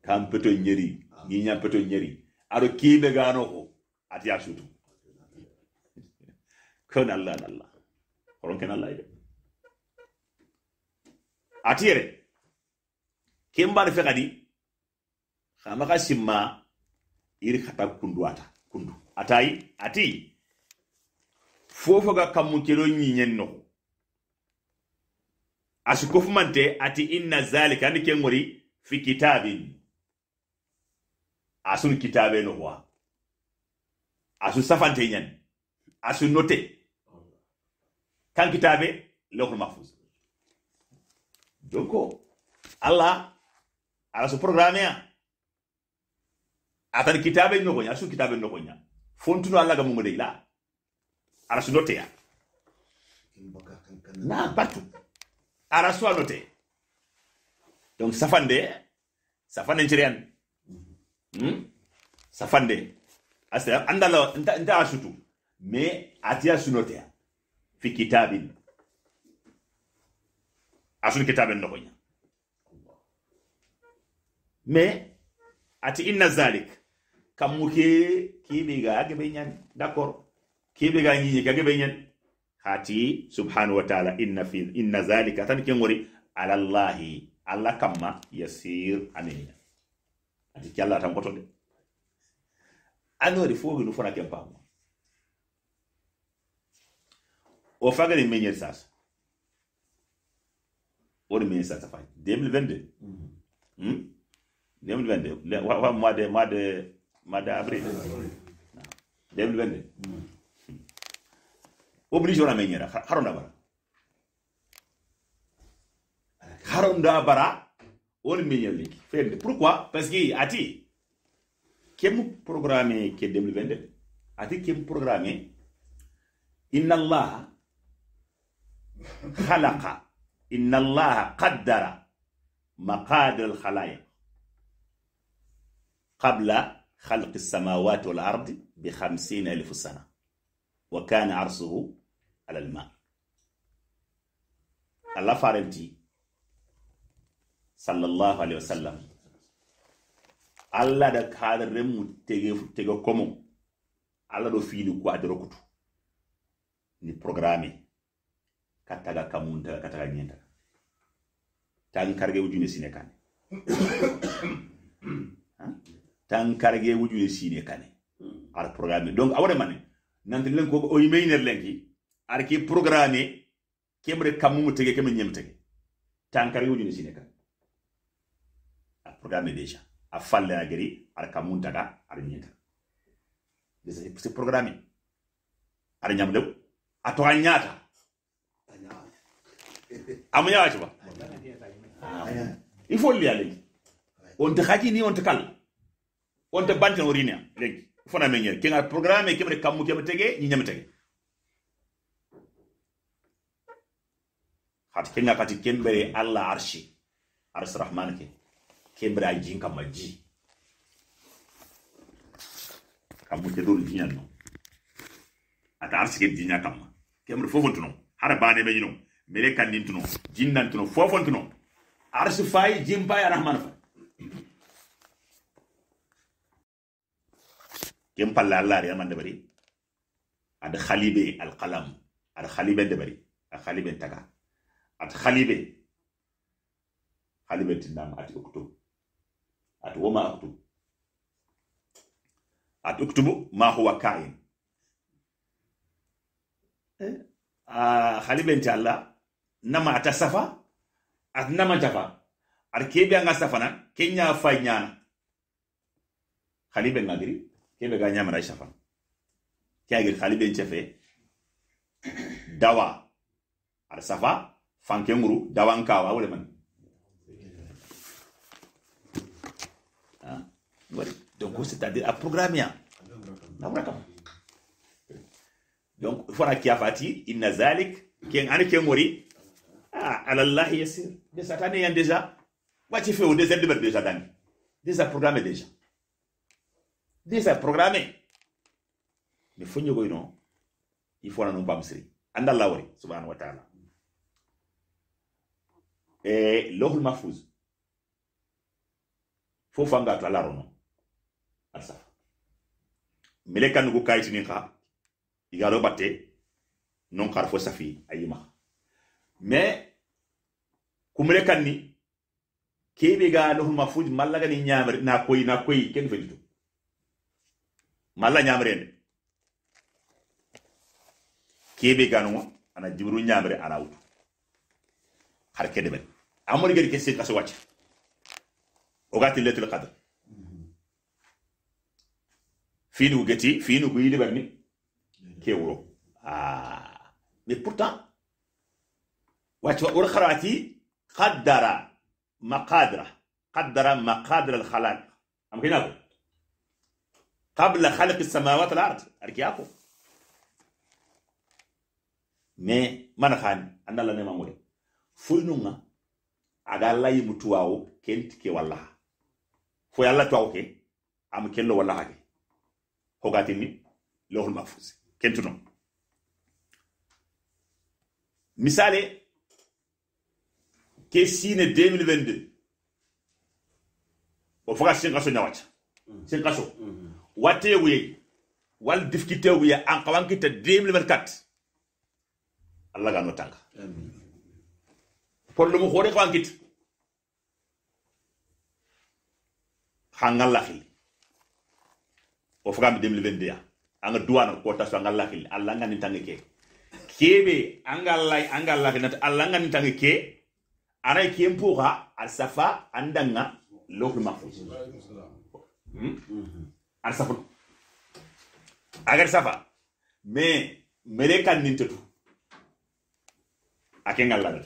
kam peto ñeri ñiña peto ñeri aɗo kiɓe gano o ati a sutu kon allah nallah horonken allah ɗe e atiyere kem mbaɗo fe kadi xamaka simma iri xata kundu ata kundu atayi ati fofoga kammu kelo ñiñen noxo asukofumante ati inna zalika andi ke gori fi kitabin asun kitabe no wa asun safante nyen asun note kan kitabe lawhul mahfuz doko allah ala so programme ya atan kitabe nogoña asun kitabe nogoña no allah ga mumo dey la ala so note ya kan- kan- na patu ala su note donc safande safande nciri hmm? safande asta andala nta, nta asutu mais atiya sunoteya fi kitabin asun kitabin nogoña mais ati inna zalik kammu ke kibiga agebe ñani d'accord kibiga ñiñi agebe ñani hati subhanahu wa ta'ala inna fi inna zalika tan ke ngori ala allahi alla kamma yasir anenya ati kyalla tan goto de anori fo winu fona ken pamu o fagari menyer sas o de menye sas fa 2022 mm-hmm. -hmm. 2022 wa, mois de mois de mois d'avril 2022 mm -hmm. oblige harona bara haronda bara woni miñol liggi fende pourquoi parce que ati kem programme ke 2022 ati kem programme inna allah khalaqa inna allah qaddara maqadir al-khalaiq qabla خلق السماوات والأرض بخمسين ألف سنة وكان عرشه على الماء الله فارنتي sallallahu alaihi wasallam allah da kadaren mu tege tege komo allah do fini ko adoro kutu ni programme kataga kamunta kataga nyenda tan karge wujune sine kane tan karge wujune sine kane ar programme donc awore mane nanti len ko o yimeiner lenki ar ki programme kebre mu tege kemen nyem tege tan karge wujune sine kane programme deja a falla na gari ar kamun daga ar nyinta desa se programme ar nyam dew a to anyata amunya wacha ba ifo liya lengi on te haji ni on te kal on te banten orinia lengi fona menyer kenga programme kemre kamu kemtege ni nyamtege hat kenga kati kembere allah arshi arsrahman ke quebradinho com a madi. Kamu ke dole dinya no. Ata arsike dinya kamma. Kemru fofon tuno. Hara bane me yino. Mele kan nin tuno. Jinnan tuno. Fofon tuno. Arsu fay jim fay rahman fay. Kem palla Allah ya man a Ad khalibe al qalam. Ad khalibe dabari. Ad khalibe taga. Ad khalibe. Khalibe tindam ati oktob. ati woma aktubu atuktubu ma huwa kain eh? a ah, halibenti alla nama ata safa ati nama jafa ar kebe anga safana kenya fay ñana halibe ngagiri kebe ga nyama ra safa kya kagiri haliben cefe dawa ar safa fanke nguru dawa nkawa wole man Donc, c'est-à-dire à programmer. Donc, il faut qu'il y ait un il qui est un qui est mort. Ah, Allah, il il y a déjà. Moi, tu au désert de déjà, Dani. Déjà programmé déjà. Déjà programmé. Mais faut nous non. Il faut nous bamser. Andallah, oui, subhanahu wa ta'ala. Et l'homme mafouz. Faut faire un à arsa mele kanugu kayitinin xa igalo batte non xar fo safi a yimaxa mais kumele kanni kebe ga nohuma fuj malla gani ñamre na koy na koy ken fedito malla ñamrende kebe ganuma ana jibru ñamre ana wutu har kedemen amori gedi ke sin kaso wacca ogati letul qadr finu geti finu ko yidi barni ke wuro ah mais pourtant wati wuro kharati qaddara maqadra qaddara maqadra al-khalaq am kinako قبل خلق السماوات والارض اركياكو mais mana khani andala ne mamure fulnunga aga layi mutuwawo kenti ke wallaha fo yalla tuwawo ke am kello wallaha ke hogatini lawhul mahfuz kentuno misale ke sine 2022 o faga sin kaso ñawaca sin kaso watteyegu yey wal difkitegu ye an kawankita 2024 allah no tanga porlomu hoore kawankita xa ngallaxil o foga mi 2021 anga duwana ko tasu anga lakil alla nga ni tangi ke kebe anga lay anga lakil nat alla nga ni tangi ke ara ke empuha al safa andanga lokul mahfuz hmm? mm-hmm. al safa agar safa me mere kan ni tetu ake nga lakil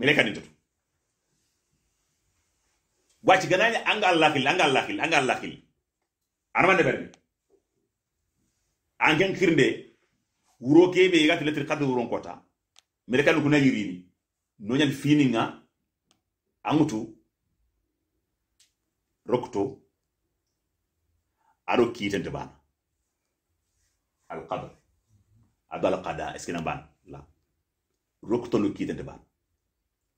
mere kan ni tetu wacci ganani anga lakil anga lakil anga lakil de berni anken kirnde wuro kebe ga tiletri kadi wuron kota mere kanu kuna yirini fini fininga angutu rokto aɗo kiitente bana alqadr aɗo alqada est qada que na bana la rokto no kiitente bana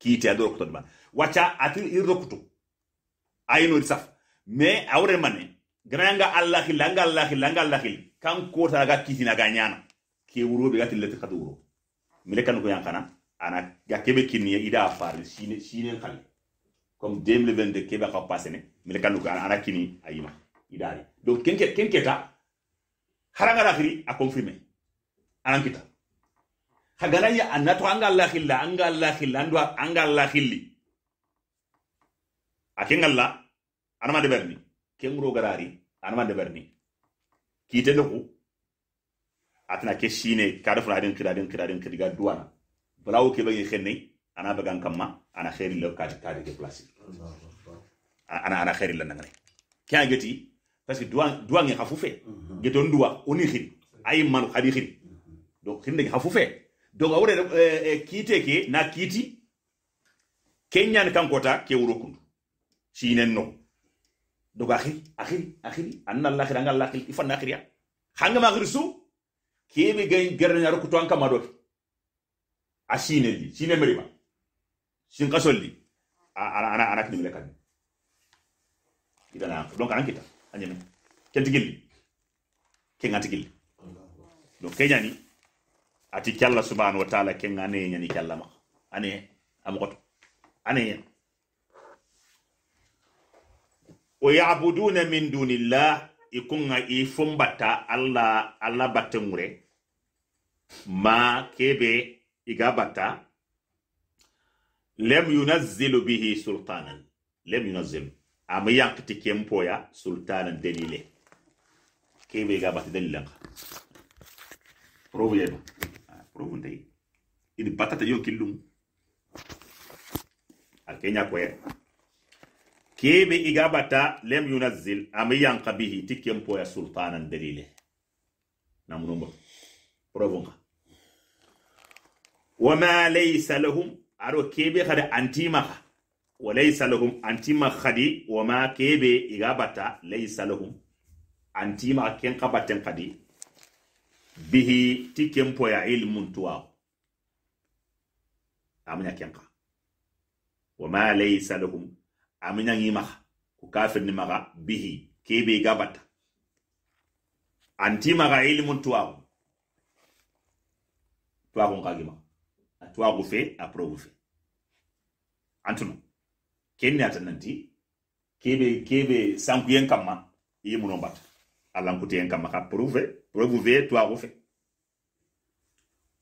kiite aɗo rokto de bana wacca ati i rokto ayinodi saf mais awre mane ganayanga allah hilla anga allah hilla anga allah hilla kan kota ga kiti ga nyana ke wuro be gati tilati khadu wuro mile kan ko yankana ana ga kebe kinni ida afar sine sine khali comme 2022 kebe ka ne. mile kan ko ana kini ayima ri. donc kenke kenke ta haranga la khiri a confirmer ana kita hagala ya anato anga la khilla anga la khilla ndo anga la khilli akengalla anama de berni kengro garari anama de berni ki kitele ko atana ke shine kada din kira kiradin kidiga duwana balawo ke bangi khenne ana bagan kamma ana khairi lo kadi kadi ke plasi ana ana khairi la nangane kya geti parce que duwan duwan ngi khafufe mhm. geton duwa oni khiri ay manu khadi khiri donc khiri ngi khafufe donc awre eh, eh, kite ke na kiti kenyan kankota ke wuro kundu shinen no dogo akhiri akhiri akhiri anna allah khira ngalla khil ifanna khiriya hanga ma khirsu kebe gain garna rukutu anka madoki ashine li shine merima shin kasolli ana ana ana kini lekan idana donc an kita anyame kentigilli kengatigilli donc kenyani ati kyalla subhanahu wa ta'ala kengane nyani kyalla ma ane amoto ane ya abudu na min dunillah ikunga ifumbata alla alla batengure ma kebe bata lem yu na zilu bihi sultanan lem yu na zilu a yunazzilu ama yankiti kempoya sultanan delile kebe igabata dalilan probu yeba probu ndai ini batata yo a akenya koya kebe iga bata lem yunazzil ama yanka bihi ti kempoya sultanan dalile namunombo provonga wama laysa lahum aro kebe kada antimaha wa laysa lahum antima khadi wama kebe iga bata laysa lahum antima ken kabaten khadi bihi ti ya ilmun tuwa amunya kenka wama laysa lahum aminyangi maxa ku ni maxa bihi kebe ga batta anti maxa ilimun tuwaxu tuwaxun xagi maxa a tuwaxu fe a probu fe antuna kenni ata nanti kebe kebe sankuyen kamma iye muno batta a lankuteyen kamma xa probu fe probu fe tuwaxu fe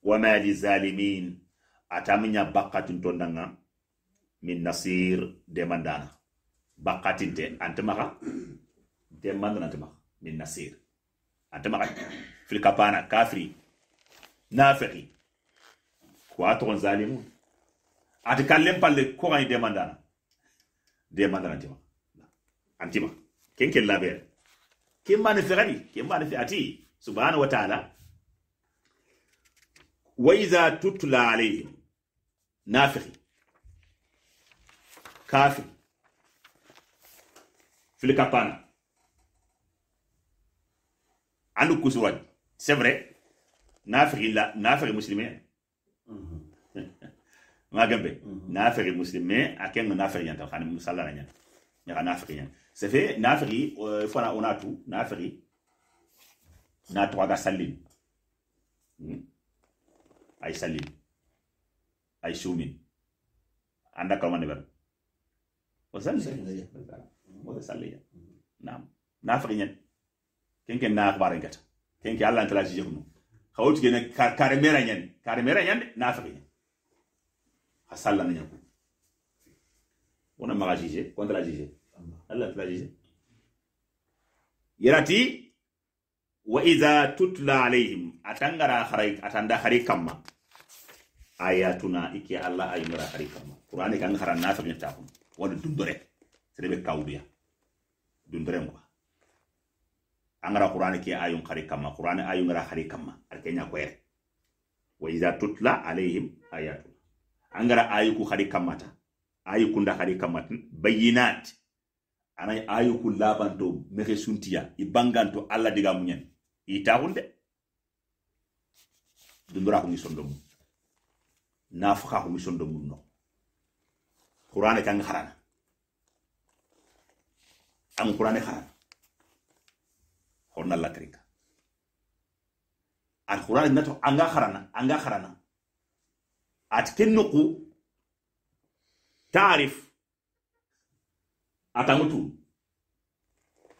wama zalimin atamnya bakkatin tondanga min nasir demandana bakatinte antemaxa demandana antemaxa min nasir antemaxa filkapana kafiri nafexi kuwa toxon zalimun ati kallen palle koxani demandana demandana antima antima ken ken labere ken mani fexadi ken mani fe ati subhanahu wa taala wa iza tutla alayhim nafexi vrai, fili kapana andu c'est vrai c'est la c'est muslimé c'est vrai, muslimé vrai, c'est yanta khani musalla c'est vrai, c'est yanta c'est fait euh, il fona on a tout na trois ga salim hmm. ay salim ay anda kalmane wasan wa idha tutla alaihim atangara kharai atanda khari kamma ayatuna iki allah ayumra khari kamma qur'ani kan kharan na fa wala dundo rek serebe kawduya dundo ren quoi angara qur'ani ki ayun khari kama qur'ani ayun ngara khari kama alkenya ko yere wa iza tutla alaihim ayatu angara ayu ku ayuku khari ayu ku nda khari kamata bayinat ana ku labanto mehe suntiya ibanganto alla diga munyen itahunde dundura ko ngi sondo mu nafakha ko ngi sondo mu no qur'ana kan harana an qur'ana harana honna la kringa al qur'ana nato anga harana anga harana at kennuku taarif atangutu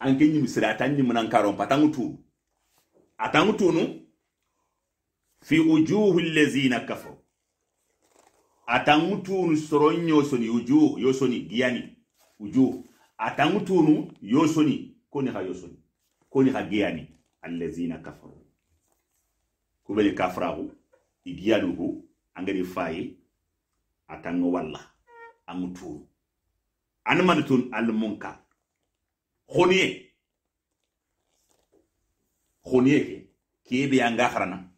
anke ñim sira atan ñim nan karon patangutu nu fi ujuhu allazina kafaru atanŋutunu soron yosoni uju yosoni giyani ujuh atanŋutunu yosoni koni ha yosoni koni ha giani allazina kafaru kubeli kafrahu igiyanuhu angeri fai atango walla aŋutunu anmanutun almunka almunkar honiye honiye ke kebe yanga harana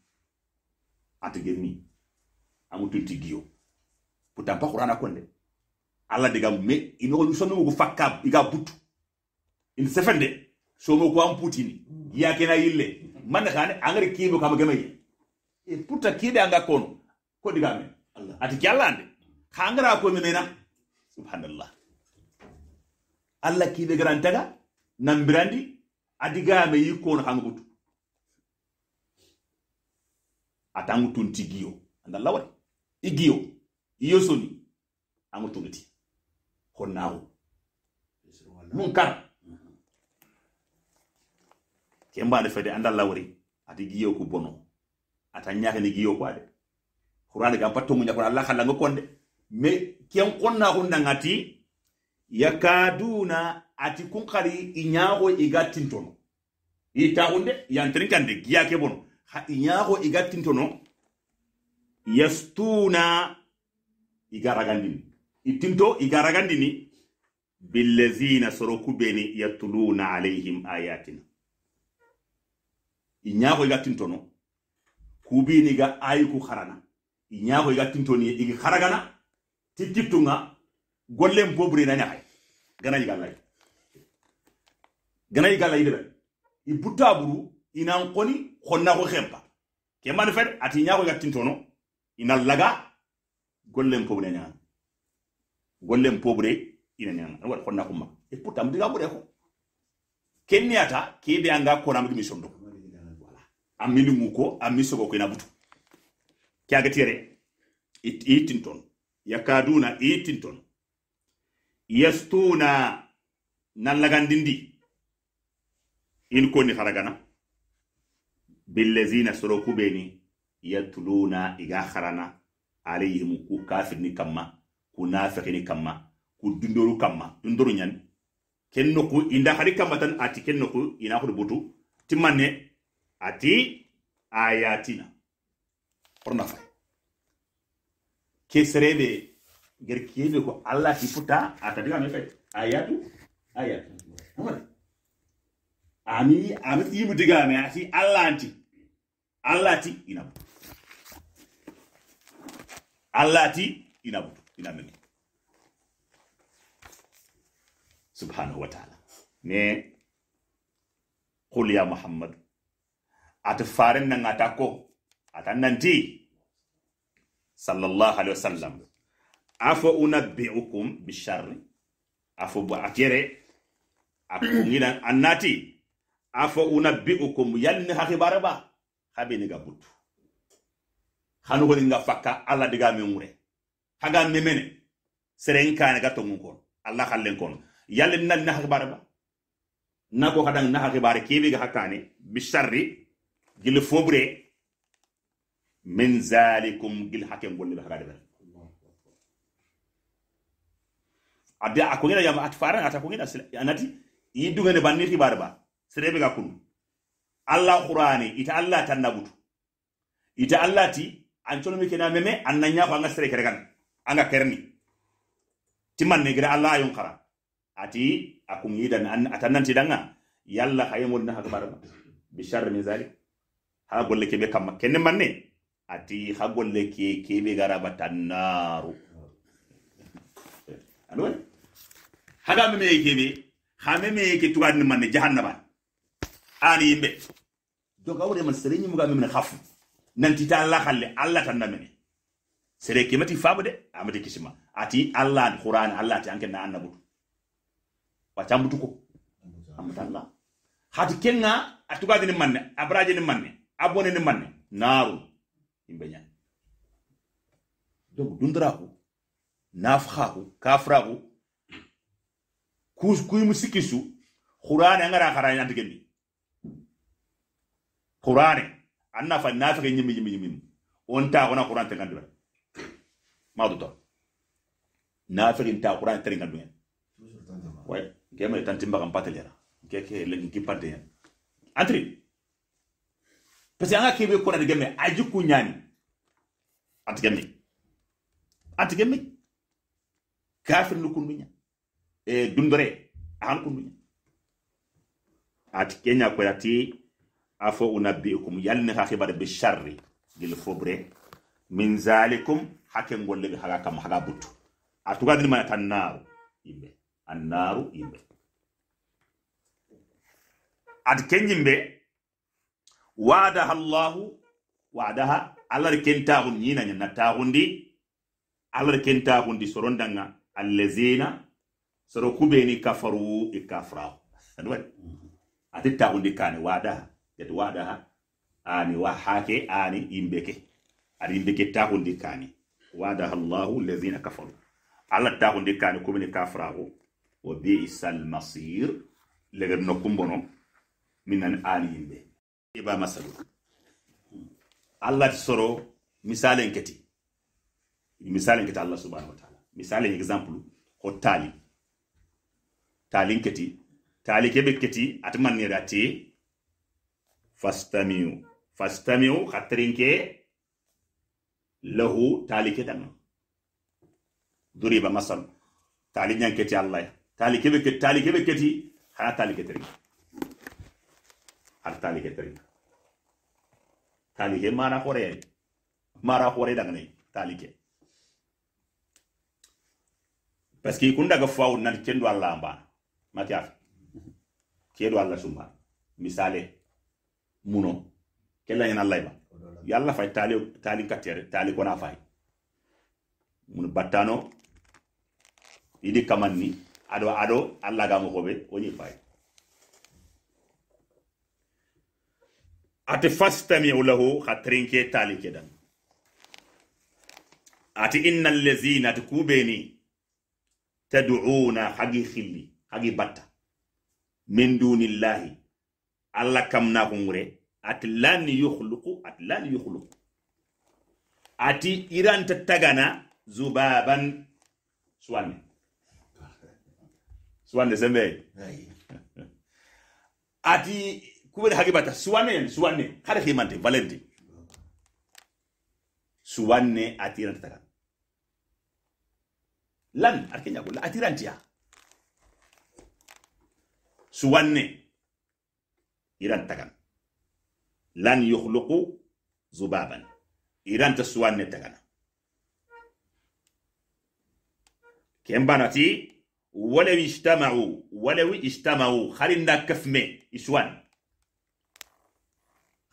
atigerni aŋutunti giyo pourtant pas pa qur'ana konde alla diga me inogo sonno ko fakka iga butu in sefende somo ko am putini ya kena yille man khane angare kibo kam gamay e puta kide la con, quoi diga me allah ati kyallande khangara ko menena subhanallah allah kibe garantaga nambirandi adiga me yikono hangutu atangu tuntigiyo andalla wari igiyo iyo soni amu tumiti honnawo nun kar ke mbaɗe fede andal lawri ati giyo ko bono ata ñakini giyo ko ade qur'ani ga pattongu ñakon allah hallango konde mais ken konna hundangati yakaduna ati kun kari iñaxo iga tintono itaxunde yanterinkande giya ke bono xa iñaxo iga tintono yastuna iga ragandini ittinto i ragandini billazina soro kubeni yatluna alayhim ayatina iñaako iga tintono kubini ayi k'u harana iñaako iga tintoni igi haragana ti kittunga gollen boburenani hay gana yigallayi gana yigallayi deɓen i butta buru inan koni honnako hempa ke mani fed ati iñaako iga tintono ina laga gollen pobre ñana gollen pobre ina ñana wala xonna ko ma et pourtant diga bure ko kenni ata ke be anga ko ramdu mi sondo voilà amili mu ko ammi sogo ko ina butu kya ga tere it itin ton yakaduna itin ton yastuna nallagandindi in koni haragana billazina soroku beni yatluna iga harana alayhim ku ni kamma ku ni kamma ku dundoru kamma dundoru nyan ken noku inda hari kamma tan ati ken noku ina ko butu timmanne ati ayatina orna fa ke serebe ger kebe ko allah ti futa ata diga me fe ayatu ayatu ami ami yimu diga me ati allah anti allah ti ina butu allati ina butu ina mini subhanahu wa taala ne qul ya muhammad ati farin nan ata ko ata ti sallallahu alaihi wasallam afa unabbi'ukum bisharri afa bu akere akungina annati afa unabbi'ukum yalni hakibara ba habini gabutu hanogoninga faka alla diga men ŋure haga memene seren kane ga tongun kono alla hallen kono yalla nali na hakibare ba na ko hadan na ke bi ga hakane sharri gil fobre min zalikum gil hakem golle ga hakade adde a kongina yama ati faran ata kongina anati ban banni hibare ba serebe ga kunu alla qur'ani ita alla tanabutu ita alla ti ancono mi kena meme anna nya ko anga sere kere kan anga kerni timan ne gira allah yon kara ati akum yidan an atannan tidanga yalla hayemul na hakbar bi sharri min zalik ha golle be kam kenne manne ati ha golle ke gara garaba anu ha ga meme kebe ha meme ke tuwan manne jahannama ani imbe doga wure man sere nyimuga meme khafu ti ta halle Allah tan namini sere mati fabu de amati kisima ati Allah ni qur'an Allah ti anke na annabutu wacambutu ko amuta Allah hati kenga atugadi ni manne abraje ni manne abone ni manne naru imbe nyani donc dundraku nafhaku kafraku kus kuyimu sikisu qur'an angara khara yantigendi qur'ane anna fa nafiqe ñimmi ñimmi ñimmi on ta ona qur'an te dira ma do to nafiqin ta qur'an tengan dira way ngema tan timba kam patelera ke ke le ngi pante ya antri parce que be ko na de gemme aji gemme atigemi gemme kafir nu nya e dundore an nya ati kenya ko yati afo unabbiukum yalni ha khibare bi sharri gil fobre min zalikum haken golle bi haga kam haga buttu atugadni mana tanaru naru annaru an ad kenjimbe ad allah wadaha allahu kenta hun yina ñinaña ta hundi allah kenta hundi sorondanga allazina soro kubeni kafaru ikafra adwa ati hundi kane wadaha ket wada ha ani wa hake ani imbeke ari imbeke tahundi kani wada allahu allazina kafaru alla tahundi kani kumini kafrago wa biisa almasir leger nokkumbono minan ani imbe iba masalu alla ti soro misalen keti misalen keti allah subhanahu wa taala misalen example ko tali talin keti tali kebe keti ne da te ፈስተሚው ፈስተሚው ከትሪንኬ ለሁ ታሊኬጠን ዱሪበ መሰሉ ታሊኛን ከቲ አላህ ታሊኬ በከቲ ታሊኬ በከቲ ሀና ታሊኬ ትሪንኬ ar tali ke tari tali ke mara hore mara hore daga ne tali ke parce que kun daga fawo nan kendo Allah ba makiaf kedo Allah summa misale muno kella ñana layba yo alla fay taali taali kattere taali kona fay mun battano idi kamanni ado ado alla ga mokobe woni fay ati fastamiu lahu hatrinke taali kedan ati innal ladzina ati kubeni tad'una hagi khilli hagi batta min dunillahi Allah kam na kungure ati lan yukhluqu ati lan yukhluqu ati iranta tagana zubaban suwanne suwanne sembe ati kubere hakibata suwanne suwanne kare khimante valenti suwanne ati iranta tagana lan arkenya kula ati irantia suwanne iran tagan lan yukhluqu zubaban iran ta suwanne tagana banati walaw ijtama'u walaw ijtama'u kharinda kafme iswan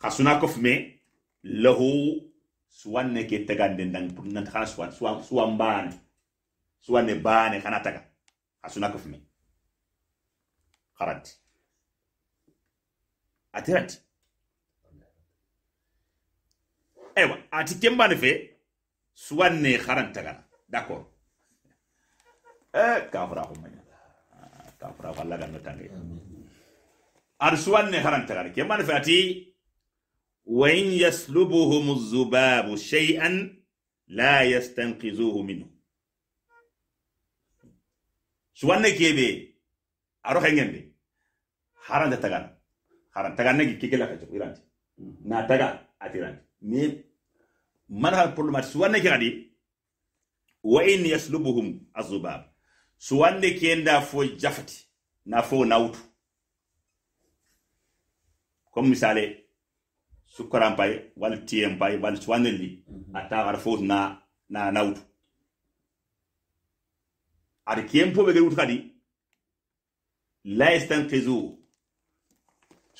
khasuna kafme lahu ne ke den dan purnan khana suwan suwan suwan ban suwanne bane khana taga khasuna kafme kharati atiranti aywa ati kembani fe suwanne haran tagana d'accord eh kafra ko manya kafra ko laga no tangi ar suwanne haran tagana kembani fe ati wa in yaslubuhum az-zubabu shay'an la yastanqizuhu minhu suwanne kebe aro hengende haranta tagana aran taga negi kikila ka jogo iranti na taga atiranti ni man har problemat suwanne ke gadi wa in yaslubuhum azubab suwanne ke nda fo jafati na fo nautu kom misale sukaran pay wal tiem pay wal suwanne li mhm. gar fo na na nautu ar kiempo fo be gadi la yastanqizuhu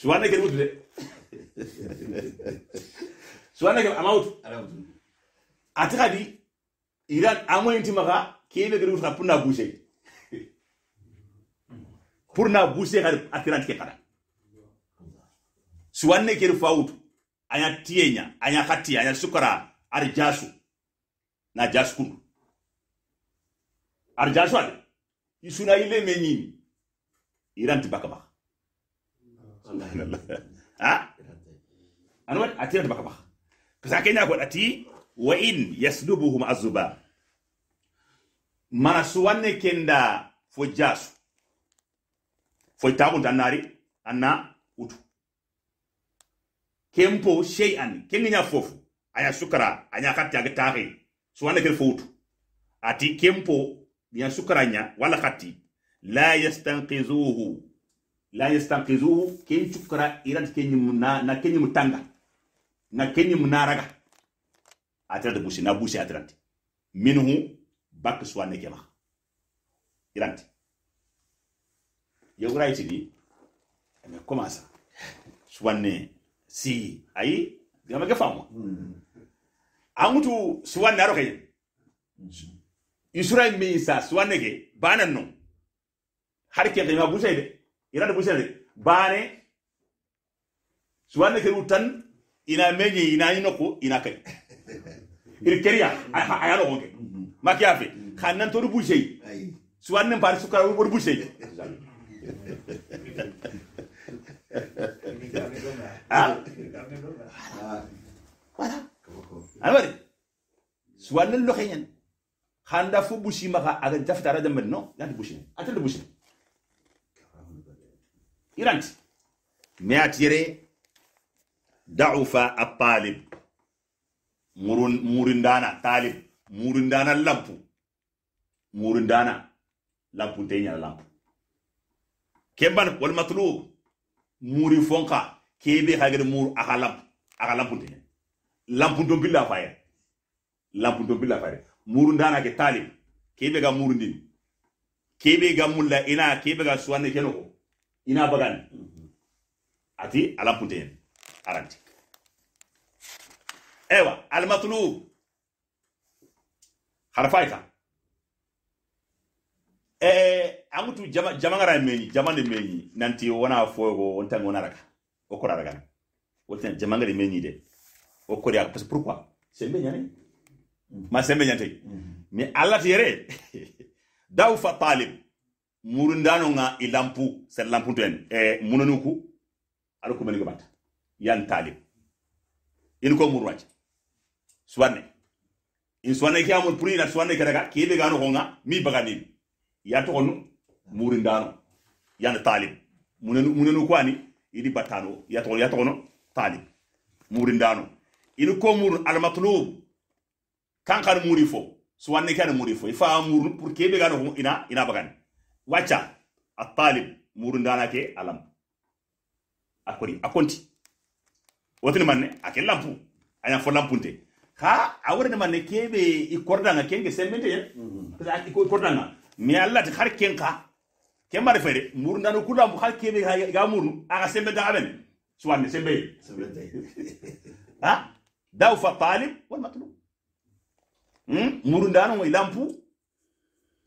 suwane ken mutu de suwane ken ama wutu ati kadi iran amo inti maka kebe gari wutu ka purna Puna purna buse kadi atiranti ke kada suwane keri fa wutu anya tienya Aya kati Aya sukara Arjasu. na jasu Arjasu. ari isuna ile menyini iran tibaka baka ha ah. ana wat atira baka baka kasa kenya ko ati wa in yaslubuhum azuba mana suwanne kenda fo jasu fo tagunta nari anna utu kempo shay'an kenya fofu aya sukara anya katti aga taxi suwanne kel fo utu ati kempo nya sukaranya wala katti la yastanqizuhu la yastanqizuhu ken cukra irad kenyim na na kenyim tanga na kenyim raga atrad busi na busi atrad minhu bak ne kema iranti yawra itini me comment swa suwane si ayi gama hmm. ke famo amutu swa na roke isura mi sa ne ke banan no har ke ma busi de irada busere bane suwanne ke rutan ina menye ina ina kai gonge to suwanne iranti me atiyere da'ufa at-talib murun murindana talib murindana lampu murindana lampu tenya lampu kemban wal matlub muri fonka kebe hagere mur aha lampu aha lampu tenya lampu don billa faya lampu don billa faya murindana ke talib kebe ga murindin kebe ga mulla ina kebe ga suwanne kenoko ina bagan ati ala punten aranti ewa almatlu harfaita e, e amutu jama jama ngara menyi jama de menyi nanti wona fogo onta wona raka okora raka otan jama ngara menyi de okori ak parce pourquoi c'est menyi ne ma c'est menyi te mais mm-hmm. allah tiere daw fa talib murundano nga i lampu ser lampunto en eh, e munonuku ala ko meni ko batta yan talib in ko muru wacce suwanne in suwanne ke amul puri na suwanne ke daga ke be ko nga mi bagani ya to kono murundano yan talib munenu munenu kwani idi batano ya to ya to kono talib murindano in ko muru al matlub kan kan muri fo suwanne ke muri fo ifa muru pour ke be ina ina bagani wacca a talib muru danake a lampu akori a konti wotini manne ake lampu aya fo te ha a ne manne kebe i nga kenge sembinte yen i mi mais ti har kenka ka ken mari fere muru dana ku lampu har kebe ga muru aga aben suwan sembe sembeye ha daw fa talib wal matlub hmm? muru dano i lampu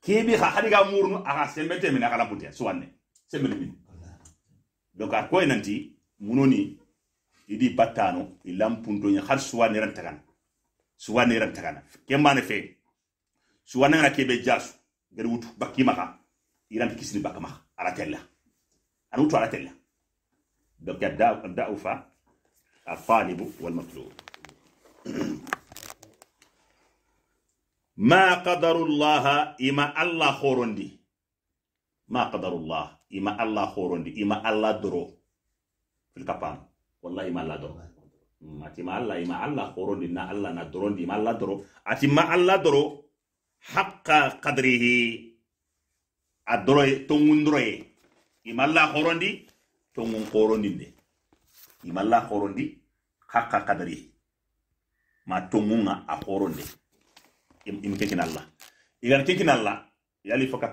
Kebi ha hadi ga murnu aha sembe te mena kala butia suwanne sembe ni donc a koy e nanti munoni idi batano ilam punto ni har suwanne ran tagana suwanne ran tagana ke mane fe suwanne na kebe jas gari wutu bakki maka iran kisni bakka ala tella anu to ala tella donc da da ufa wal matlub ma qadarullaha ima allah horondi ma qadarullah ima allah horondi ima allah doro fil kapano wallahi ima allah doro ati ma allah ima allah horondi na allah na dorondi ima allah doro ati ma allah doro haqqa qadrihi a doroye tongun doroye ima allah horondi tongun horondinde ima allah horondi haqqa qadrihi ma tongunga a horonde in Allah idan ke Allah ya ke kinalla yali ba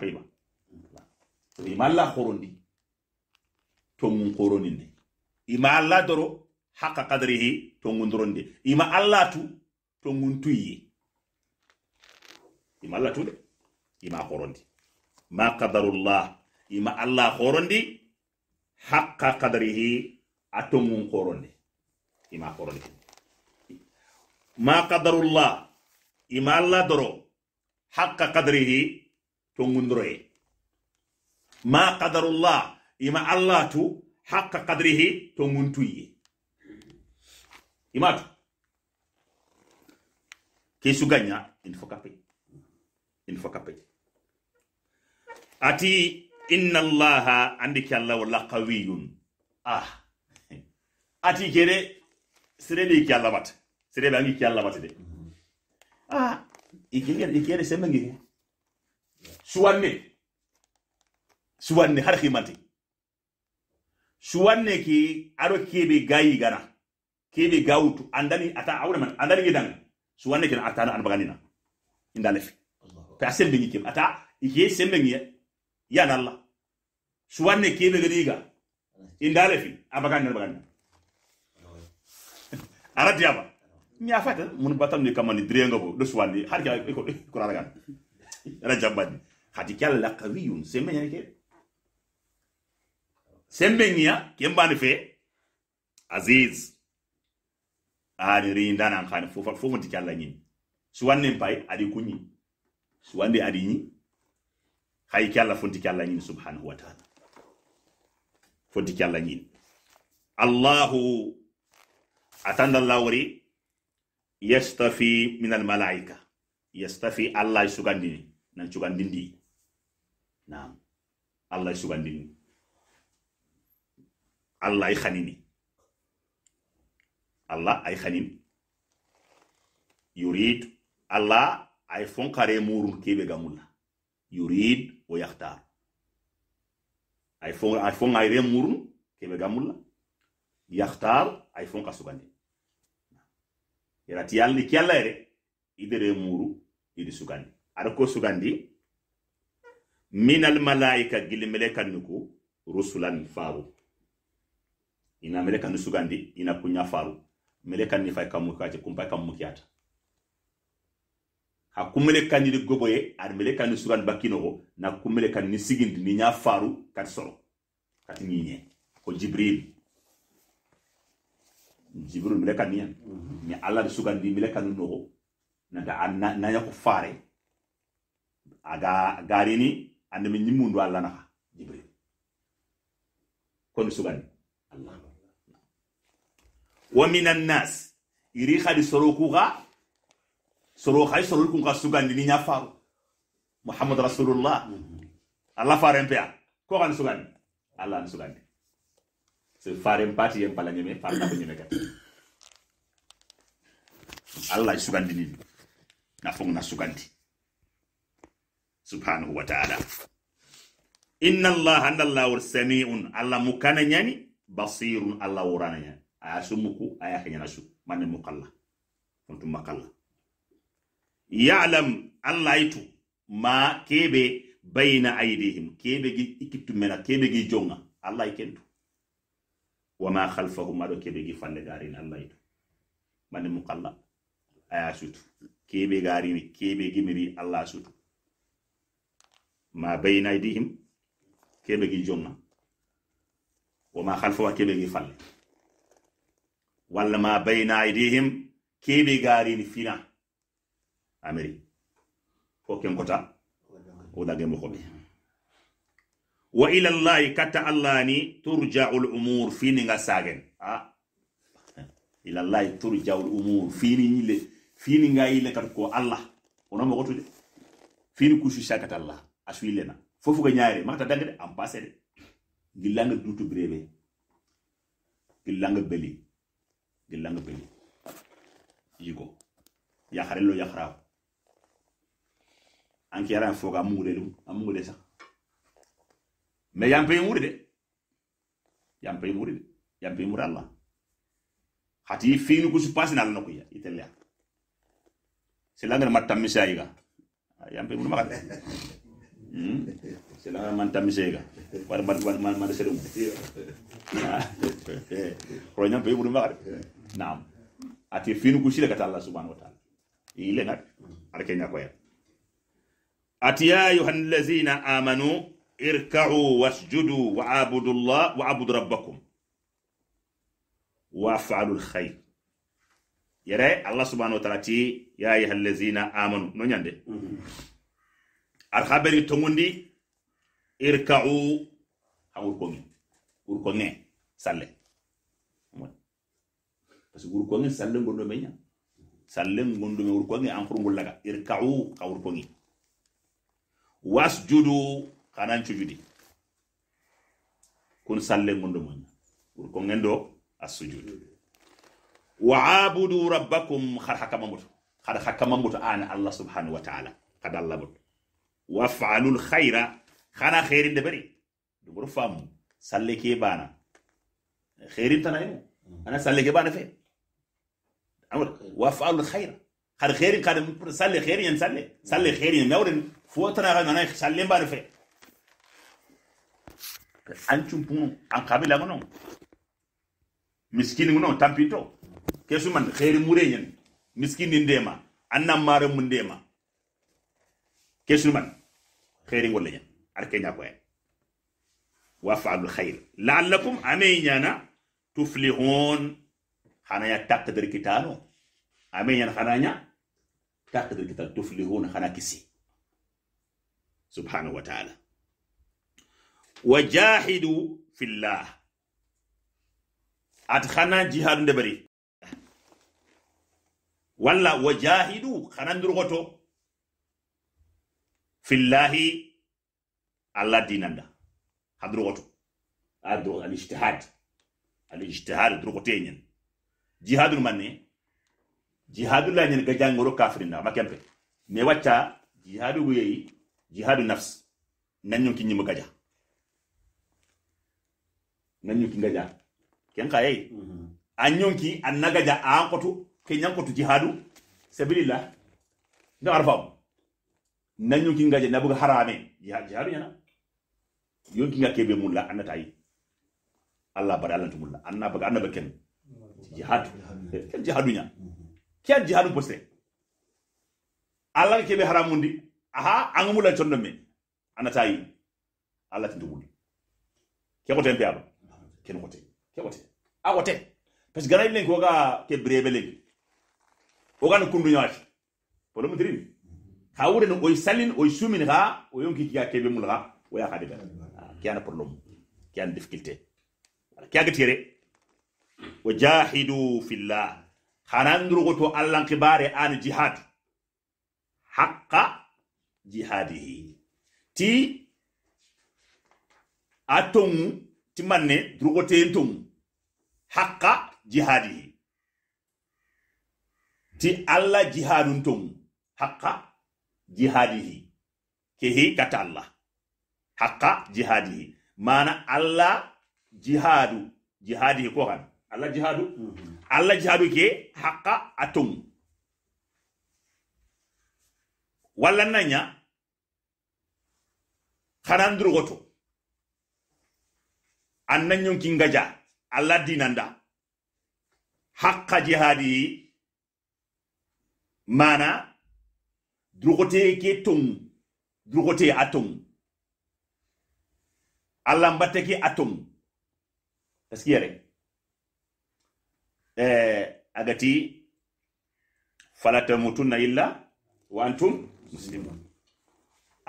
to ima alla horondi tongun ne ima Allah doro haqa kadrihi tongun doronde ima Allah tu to mun tuyye ima Allah tu de ima horondi ma qadarullah ima Allah horondi haqa kadrihi a tongun horondi ima horondi ma qadarullah imalla allah doro hakka qadrihi tongundoroye ma qadarullah ima allah tu hakka qadrihi tonguntuye imatu ke suganya in fo kape in kape ati inna allaha andike allah wala qawiyun ah ati kere sirebi ki allah bat sirebi angi ki allah bat de ah ikiyere semenge suwanne suwanne har himante suwanne ki aro kebe gayi gana kebe gawutu andani ata awre man andani gidan suwanne ken atana an baganina inda lefi pe asel bengi kem ata ikiye semenge ya nalla suwanne kebe gadiga inda lefi abaganna baganna arati aba mi afata mun batal ni kamani drengo bo do swandi har ka ko ko ragan raja badi hati kyal la qawiyun sembe nyake sembe ngiya kembani fe aziz ari rinda nan kan fofa fofa ti kyal ngin suwanne pai adi kunyi suwande adi nyi hay kyal fonti kyal ngin subhanahu wa ta'ala fonti kyal ngin allah atanda lawri yastafi min al malaika yastafi allah sugandini nan sugandindi na'am allah sugandini allah ay khanini allah ay khanini yurid allah ay fonkare murun kebe gamulla yurid wa yakhtar ay fon ay fon ay remurun kebe gamulla yakhtar ay fon ka sugandi irati yalni kellayre idere muru idi sugandi ada ko min al malaika gil gilimele nuku rusulan faru ina meleka ni sugandi ina kunya faru meleka ni fay kamu ka ci kumpa kamu kiyata ha kumeleka ni goboye ar meleka ni sugan bakino ko na kumeleka ni sigindi ni nya faru kat soro kat ni ko jibril jibril mereka kan niya ni Allah da sugandi mereka nu no na da na ya ko fare aga garini ande min nimundu jibril kon sugandi allah wa minan nas iri khadi soroku ga soro khay soro ku ga sugandi ni nya faru muhammad rasulullah hmm. allah faren pe ko kan sugandi allah sugandi so fare pati yen pala ñeme far nako ñeme kat allah sugandi ni na fong na sugandi subhanahu wa ta'ala inna allah anna allah war sami'un allah mukana ñani basirun allah warana ñani aya sumuku aya xeñana su manne mukalla fontu makalla ya'lam allah itu ma kebe bayna aydihim kebe gi ikitu mena kebe gi jonga allah ikentu wama halfahum aɗo keɓe gi fande garini allah yitu mande mu kalla aya sutu keɓe garini keɓe gimiri allah sutu ma bayna aydihim keɓe gi jonna wama halfawa keɓe gi falle walla ma bayna aydihim keɓe garini fina amiri o kenkota o dage mokoɓe wa ila llahi kata allah ni turja'ul umur fini nga sagen a ila llahi turja'ul umur fini ñile fini nga ile kat ko allah ono mo gotude fini kusu shakata allah aswile na fofu ga ñaare makata de am passé de gilanga dutu brebe gillanga beli gillanga beli yigo yakhare lo yakhra anki yaran foga mugulelu de sax mais yampey muri de yampey muri de ya pe muri allah hati finu kusu pasina allah nokuya itelle silangana mattamisa yiga yampey muri makate hmm? silangana mattamisa yiga wala man man man man selum ko yampey muri makate naam ati finu kusile kata allah subhanahu wa ta'ala ile nak arke nyakoya ati ya ayuha amanu irka'u wasjudu wa abudullah wa abudu rabbakum wa fa'alul khair yere allah subhanahu wa ta'ala ti ya ayyuha allazina amanu no nyande ar khabari tongundi irka'u hawur kongi ur kongi salle parce que ur kongi salle ngondo me nya salle ngondo me ur kongi an furngul laga irka'u ka ur kongi wasjudu kanan cujudi kun salle ngondo mun wur ko ngendo as-sujud wa abudu rabbakum khar hakama mut khar hakama mut ana allah subhanahu wa ta'ala khad allah mut wa fa'alul khaira khana khairin de bari du bur fam salle ke bana khairin tanayo ana salle ke bana fe amul wa fa'alul khaira khar khairin khad salle khairin salle salle khairin mawrin fotana ga nanay salle bana fe an cumpunu an kabila ngono miskini ngono tampito kesu man khairi mure nyen miskini ndema anna mare mun ndema kesu man khairi ngolle nyen ar kenya ko wa fa'alul khair la'allakum amenyana tuflihun hanaya takdir kitano amenyana hananya takdir kitano tuflihun hana kisi subhanahu wa ta'ala wa jahidu fillah ati xana jihadu ndebari walla wa jahidu xana ndurgoto fillahi allah dinanda xa durgoto alijtihad alijtihad durgote ñen jihadul manne jihadu la ñen gajangoro kafirina ma kempe ne wacca jihadu guyeyi jihadu nafs nanyon ki ñima gaja nga nyuki nga ja ken ka yai anyonki mm-hmm. annaga ja an kotu kenyan kotu jihadu sabilillah nda arfa nan yonki nga ja nabuga harame jihadu yana yonki nga kebe mulla annata yi Allah bari Allah tumulla anna baga anna baken jihadu ken jihadu nya mm-hmm. ken jihadu poste Allah kebe haramundi aha angamula chondo me anata yi Allah tindumuli kya kotempe aba ken wote ke wote a wote parce que ganay len ko ga ke brebe len o no kundu nyaati bono mudrin ha wure no oy salin oy sumin ha o yonki kiya kebe mulha o ya ben ki ana problem ki ana difficulté ki aga tire wajahidu fillah hanandru to allan kibare an jihad haqqa jihadihi ti atung timanne durugotentum haqqa jihadihi ti alla jihadun tum haqqa jihadihi kehi kata allah haqqa jihadihi mana alla jihadu jihadihi ko kan alla jihadu mm -hmm. alla jihadu ke haqqa atum walla nanya kanan durugoto annan yonkin gaja Allah da haqqa jihadi mana drugote ke tong drugote atong Allah mbatte ke atong parce que yare eh agati fala tamutunna illa wa antum muslimun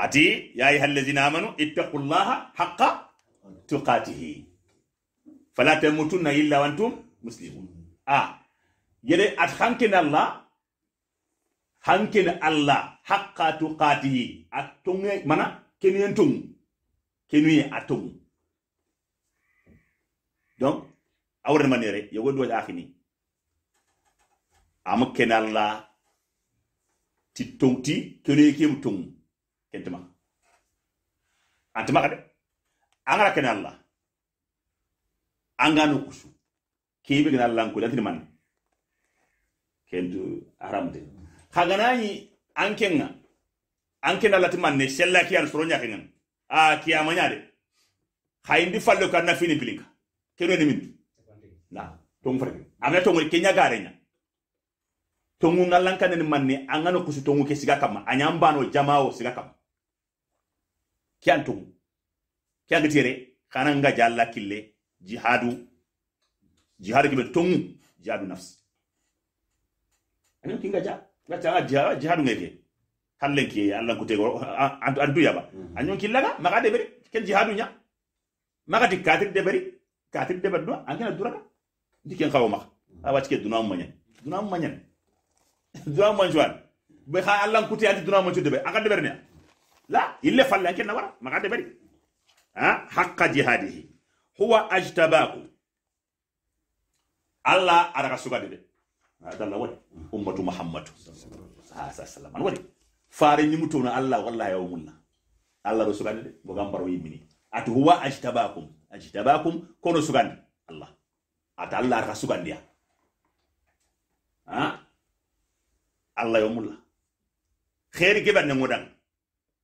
ati ya ayyuhallazina amanu ittaqullaha haqqa tuqatihi fala tamutunna illa wa antum muslimun a yede at hankin allah hankin allah haqqa tuqatihi atunge mana keniyen tung kenuye atung donc awre manere yogo do akhini am allah ti tongti kenuye kim tung kentma antma kade angara allah anganu kusu kebe gana lanko da tirman kentu haramte khaganani ankenga ankenga latiman ne shella kiyan soronya kengan a ah, kiya de khayindi fallo kana fini bilinka, kero ni min na tong farki amna tong kenya garenya tongu ngalanka ne manne angano kusu tongu ke siga kama anyambano jamao siga kama kiyan tongu kiyan gitire kananga jalla kille jihadu jihadu gibe tongu jihadu nafsi ani kinga ja ga ta jihadu jihadu ngeke halle ke Allah ko tego antu yaba mm-hmm. anyon laga maga de beri ken jihadu nya maga di katir de beri katir de beddo angena duraka ken xaw mak mm-hmm. awa ke duna manya duna manya duna manjuan be kha Allah ko te ati duna manju de be aga de beri la ille falle ken na Maka maga de beri ha haqqa jihadihi huwa ajtabaku allah araka ka sugade de adalla waɗi ummatu muhammadu ah, sa sallam wadi waɗi ni ñimutowno allah wallahi o munna allah ɗo sugande de bogam baro yimmini at huwa ajtabakum ajtabakum kono sugandi allah at allah araka ka sugandiya ha ah. allah yo mulla heeri keɓe anne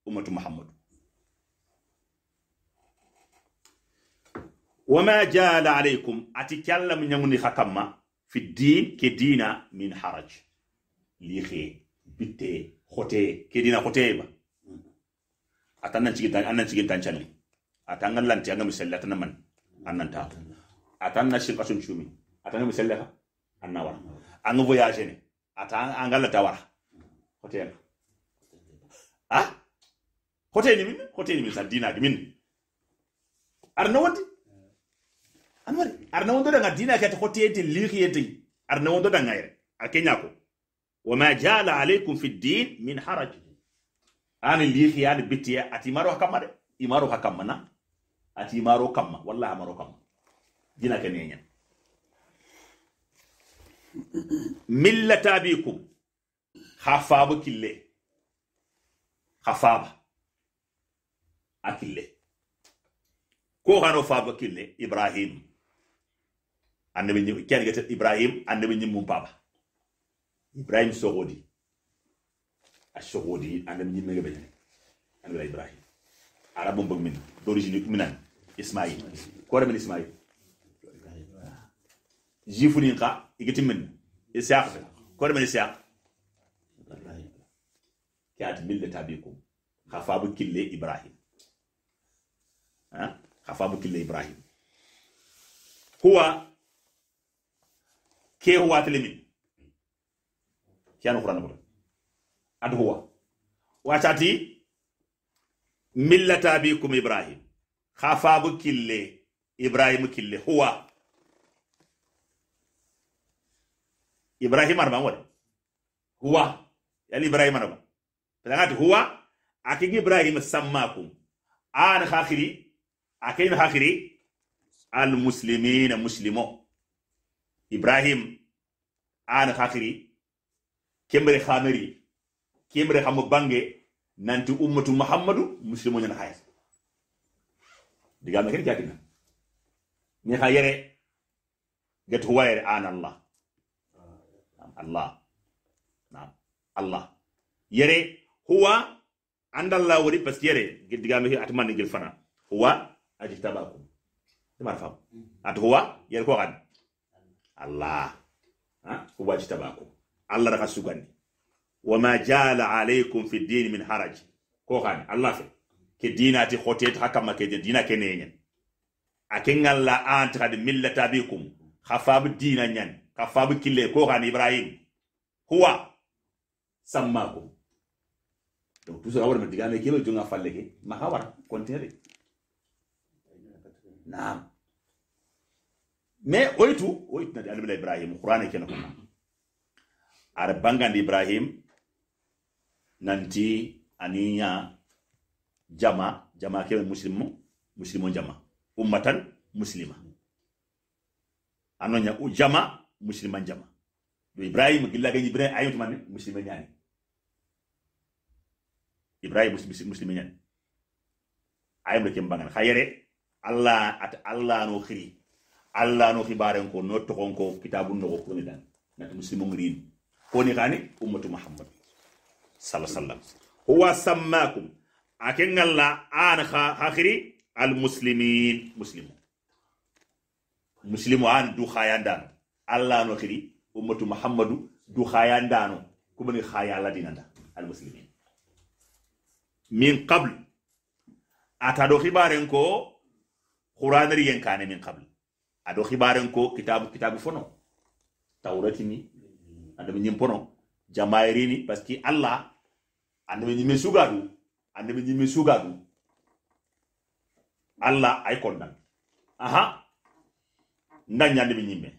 ummatu muhammadu wama jala alaykum ati kyallamu ñanguni xa kamma fi din ke dina min haraj lixe bitte xote ke dina xoteyeba ata nan cigintan an nan cigintan canni ata nga lanti anga miselle ata an nan taatu ata na shinka sun cumi ata nga miselle ka an na wara anga voyage ne ata anga lata wara xote nga ah xote ni min xote ni min sa dina gi min ar na wadi amari arna wondo daga dina ka ta kote yete lihi yete arna wondo daga a kenya ko wa ma jala alaikum fi din min haraj ani lihi ti maro atimaro hakamma de imaro hakamma na atimaro kamma wallahi maro kamma dina ka nenya millata abikum hafabu kille hafaba akille ko hano fabu kille ibrahim annabi ñim ken gete ibrahim annabi ñim mum papa ibrahim sogodi a sogodi annabi ñim mega beñani annabi ibrahim arabu mbog min d'origine minan ismaïl ko min ismaïl jifuni ka igiti min isaq fe ko min isaq kaat millata bikum khafabu kille ibrahim ha ah? khafabu kille ibrahim huwa ke huwa telemin kiano qur'an bur ad huwa watati millata abikum ibrahim bu kille ibrahim kille huwa ibrahim arba wala huwa yali ibrahim arba pelangati huwa akin ibrahim sammakum an khakhiri akin khakhiri al muslimina muslimo ibrahim ana hakiri kembere khameri kembere khamu bange nanti ummatu muhammadu muslimu nyana hayat diga ma kene jakina ni khayere get huwaire an allah allah nam allah yere huwa andalla wori parce que yere diga me atman gel fana huwa ajtabakum dama fam at huwa yere ko gadi allah ko waji tabako allah gani wa ma jala alaikum fi dini min haraji. ko xani allah fe ke dinati xotet xa kamma kete dina ke neñen a ke ta ante xadi millata abikum xa faabu dina ñan xa faabu kille ko xani ibrahim huwa sammakum donc tout sera warma ke kebe jonga falle ke ma hawar kontere Na. mais oyitu oyitu nadi alibila ibrahim qur'ani kene kuna ara bangandi ibrahim nanti aninya jama jama ke muslimu muslimu jama ummatan muslima anonya u jama musliman jama do ibrahim gilla gani ibrahim ayatu man muslima nyani ibrahim muslim nyani ayam de kembangan khayere allah at allah no alla no xibaaren ko no togon ko kitabu ko ni dan nati muslimu ngirin ni xani ummatu muhammad sallallahu sallam huwa sammakum ake ngalla an ha akhiri al muslimin muslimu muslimu an du khayandan allah no khiri ummatu muhammad du khayandano khaya khayala dinanda al muslimin min qabl ata do xibaren ko qur'anari yenkane min qabl ado xibaren ko kitabu kitabu fono tawratini andami ñim pono ni parce que allah andami ñimme sugadu andami ñimme sugadu allah ay aha ndaña andami ñimme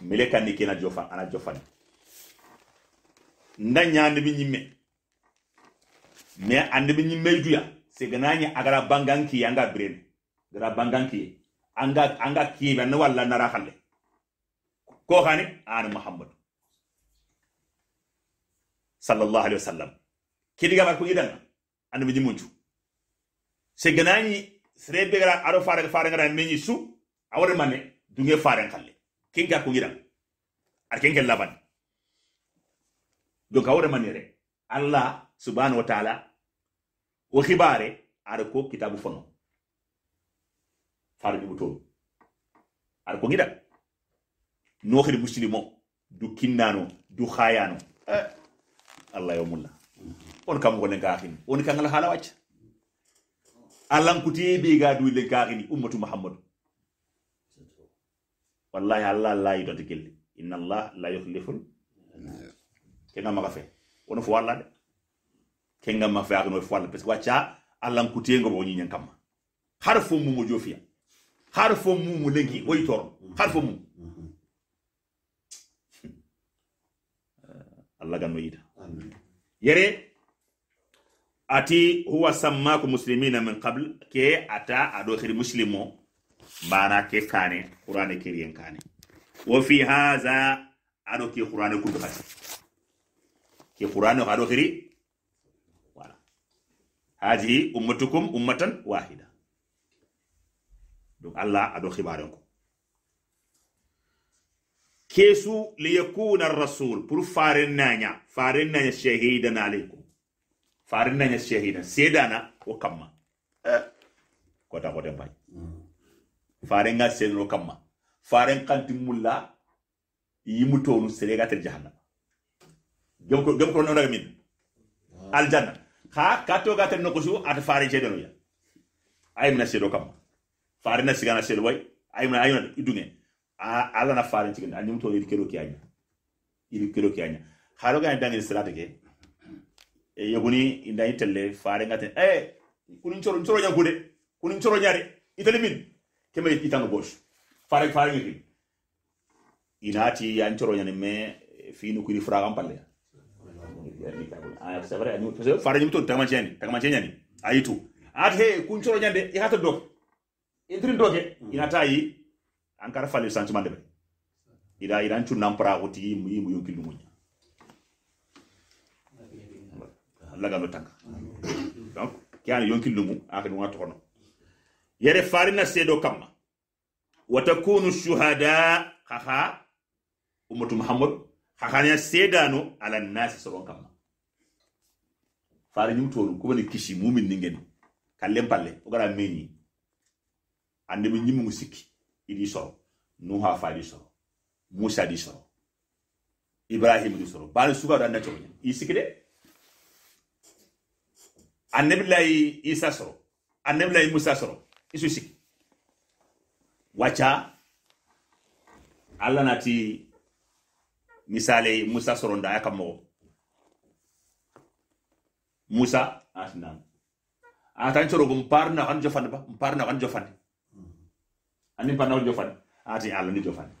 mele kan kena jofa ana jofani ndaña andami ñimme mais andami ñimme duya c'est gnañi agara banganki yanga birene gara banganki anga anga kibe na walla nara khalle ko hani an muhammad sallallahu alaihi wasallam kidiga mar ku idan an bi munju se ganani srebe gara aro fare fare gara meni su awre mane dunge fare khalle ga ko idan ar kinga laban donc mane manere allah subhanahu wa ta'ala o khibare ar ko kitabu fono faru ɓe to aɗa ko giɗa nohiri musilime o du kinnano du khayano eh. allah yo mulla on kam on kam ngal hala haala wacca kuti lankuti ga du le lenkaxini ummatu muhammad wallahi allah la donte gelle inna allah la yukhliful kenga ma fe on fo walla de kenga ma fe no fo walla parce que wacca a kuti e ngobo ni kamma har fo mumo jofiya harfo mu mu lengi way tor harfo mu allah ganno yida yere ati huwa sammakum muslimina min qabl ke ata ado khiri muslimo bara ke kane qur'ane kiriyen kane wa fi hadha ado ke qur'ane kuntu khati ke qur'ane ado khiri wala hadi ummatukum ummatan wahida don allah ado xibaren ku kesu liyakuna rasul pour faren nanya faren naña shahidan alaykum faren naña shahidan sedana o kamma kota kote mbay farin ga ro kamma farin kanti mulla yimu tonu seregatel jahanna gem ko gem ko no daga min aljanna ha ka kato gatel nokosu ata faren no ya ay mina sedo kamma farina sigana sel way ay ayna ayna idunge a ala na farin cikin an muto iri kero ki anya iri kero ki anya haro ga dangi salata ke e yoguni inda itelle farin gaten eh kunin choro choro nya gude kunin choro nyare itelle min kema itango bosh fare fare ngi inati ya choro nyane me finu kuri fragan palle farin mutu tamanceni tamanceni ayitu at he kun choro nyande i hato dok intirin doke inata yi an kara falle sentiment de ida ida chu nampra oti mu mu yonki lu munya Allah ga tanga donc an yonki lu mu akadi wa to no yere farina sedo kamma wa takunu shuhada khaha ummatu muhammad khahanya sedano ala nasi sabon kamma fari nyum tolu ko ni kishi mumin ningen kallem palle o gara meni ande bi nyimu siki idi sɔrɔ nuha fa di sɔrɔ musa di sɔrɔ ibrahim di sɔrɔ bal suga da na ɲa i ande dɛ lay isa sɔrɔ lay musa sɔrɔ isu siki waca alla nati misale musa sɔrɔ nda ka mɔgɔ musa atina atan t'an go mparna kan jofande ba parna kan jofande anin panawol jofani ati ala ni jofani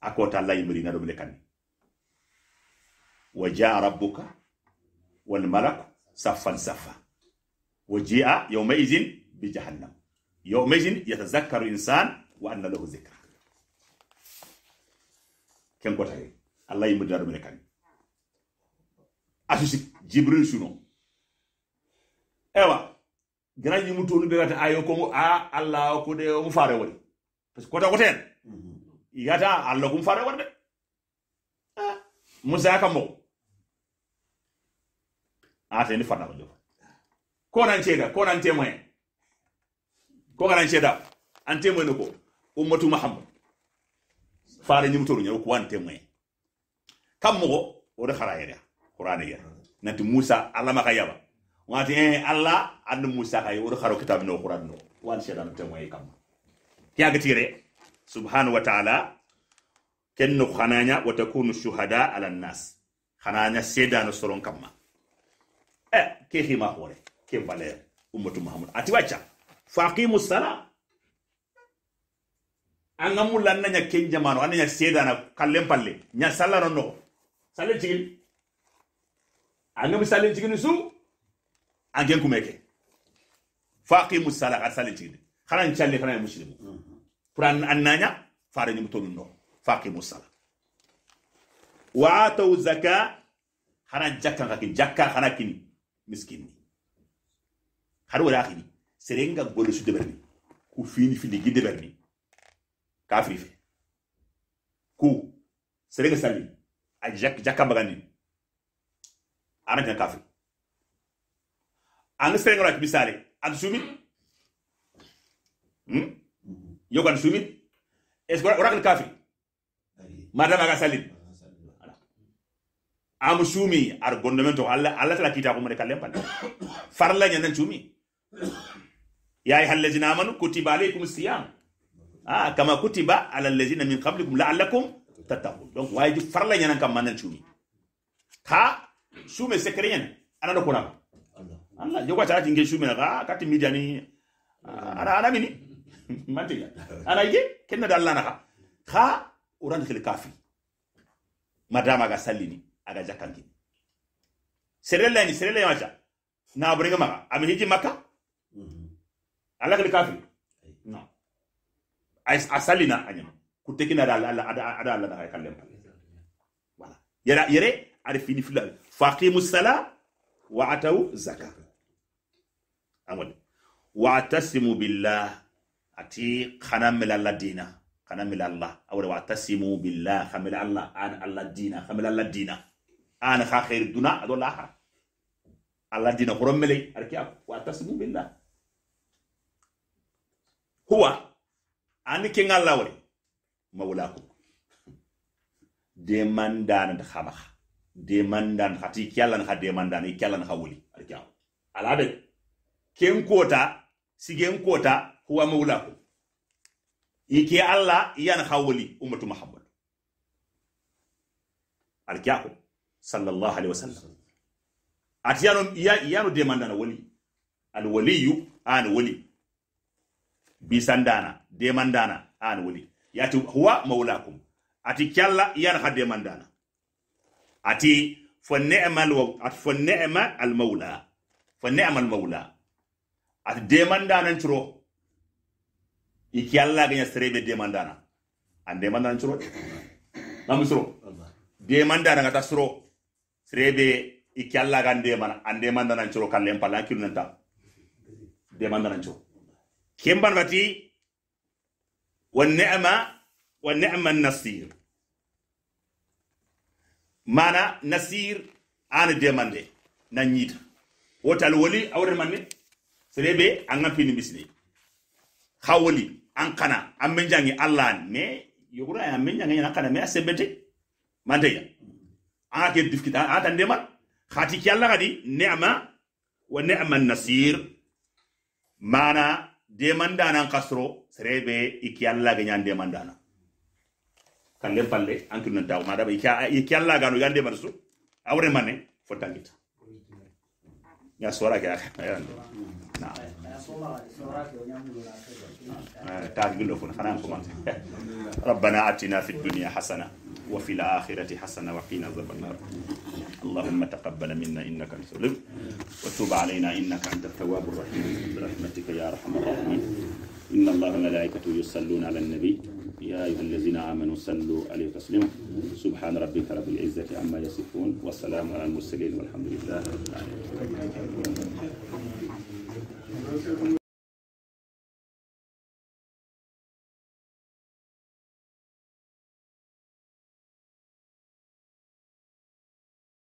akota kota alla na ɗum le kan wa jaa rabbuka wal malak saffan saffa wa yawma izin bi jahannam izin yatazakkaru insan wa anna lahu zikra ken kotare allah yimirina ɗum le kan asusi jibril suno ewa gana yimu tonu be gata ayo ko a ah, allah ko de mu fare wori parce que kota koten mhm. yata allah kum fare worde ah, musa ka mo ate ah, ni fana ko ko nan ceda ko nan temoyen ko nan ceda an temoyen ko ummatu muhammad fare nyimu tonu nyaw ko an temoyen kam mo o de khara yera qur'an yera nanti musa alama ka yaba. wati eh allah andu musa kay wor kharo kitab no qur'an no wan shedan te moy e kam tiaga tire subhanahu wa ta'ala ken no khananya wa takunu shuhada ala nas khananya sedano soron kam eh ke ma hore ke valer ummatu muhammad ati wacha faqimu sala anga mulla nanya ken jamano ananya na kallem palle nya sallano no salen jigil anga misalen jigil su ke kumeke faqimu sala ka sali tide kharan challe kharan muslimu quran annanya fara ni mutun no faqimu sala wa atu zaka kharan jakka ka jakka khana kini miskini haru wala khini serenga golu su ni ku fini fili gi deberni kafri fe ku serenga sali a jak jakka bagani aranya kafri anga serenga laki misale atu sumit hmm? yoko atu sumit esko orakan kafi madam aga salin am sumi ar gondamento alla alla tala kita ko mo kallem pan farla nyanan sumi ya ayyuhal ladzina amanu kutiba alaykum siyam ah kama kutiba ala allazina min qablikum la'allakum tattaqun donc waji farla nyanan kam manan sumi ka sume sekreyen ko na alla jogo tara jinge shume ga kati media ni mm. ana ana mini manti ya ana ige kenna dalla na kha uran khil kafi madama ga sallini aga jakangi serella ni serella cha na bringa maka ami hiji maka mm-hmm. alla khil kafi no asalina anyama kutekina dalla alla ada ada da na kallem wala yere yere ari fini fila faqimus sala wa atau zakat angoni wa'tasimu billah ati khana mila Allah dina khana mila awre wa'tasimu billah khamila Allah an Allah dina khamila Allah dina an kha khair duna adola ha Allah dina mele arki wa'tasimu billah huwa an ke ngalla wari mawlaku demandan khamakha demandan khati kyalan kha demandan kyallan khawuli arki ala be ken kota sigen kota huwa maulaku yake allah yan hawli ummatu muhammad alkiyako sallallahu alaihi wasallam atiyano ya yano demanda na wali al waliyu an wali bisandana demandana an wali yati huwa maulakum ati kyalla yan ha mandana ati fa ni'mal wa ati fa ni'ma al maula fa ni'mal maula ati demandanan curo iki alla ganya serebe demandana an demandanan curo namu suro demandana ngata suro serebe iki alla gan demana an demandanan curo kallen pala kilu nanta demandanan curo kemban bati wan ni'ma wan ni'ma nasir mana nasir an demande na nyida wotal woli awre manne serebe an ga fini misini khawoli an kana an menjangi allah me yogura ya menjangi an kana me asembete manteya an ga ke difkita an ta ndema khati ki allah gadi ni'ma wa ni'ma nasir mana demandana an kasro serebe iki allah ga nyan dana. kalle palle an ma taw madaba iki allah ga no yande man awre mane fotangita ya suara ka ya نعم. ربنا اتنا في الدنيا حسنه وفي الاخره حسنه وقنا عذاب النار اللهم تقبل منا انك انت السميع وتوب علينا انك انت التواب الرحيم برحمتك يا ارحم الراحمين ان الله وملائكته يصلون على النبي يا أيها الذين آمنوا صلوا عليه وسلموا سبحان ربك رب العزة عما يصفون والسلام على المرسلين والحمد لله رب العالمين Gracias.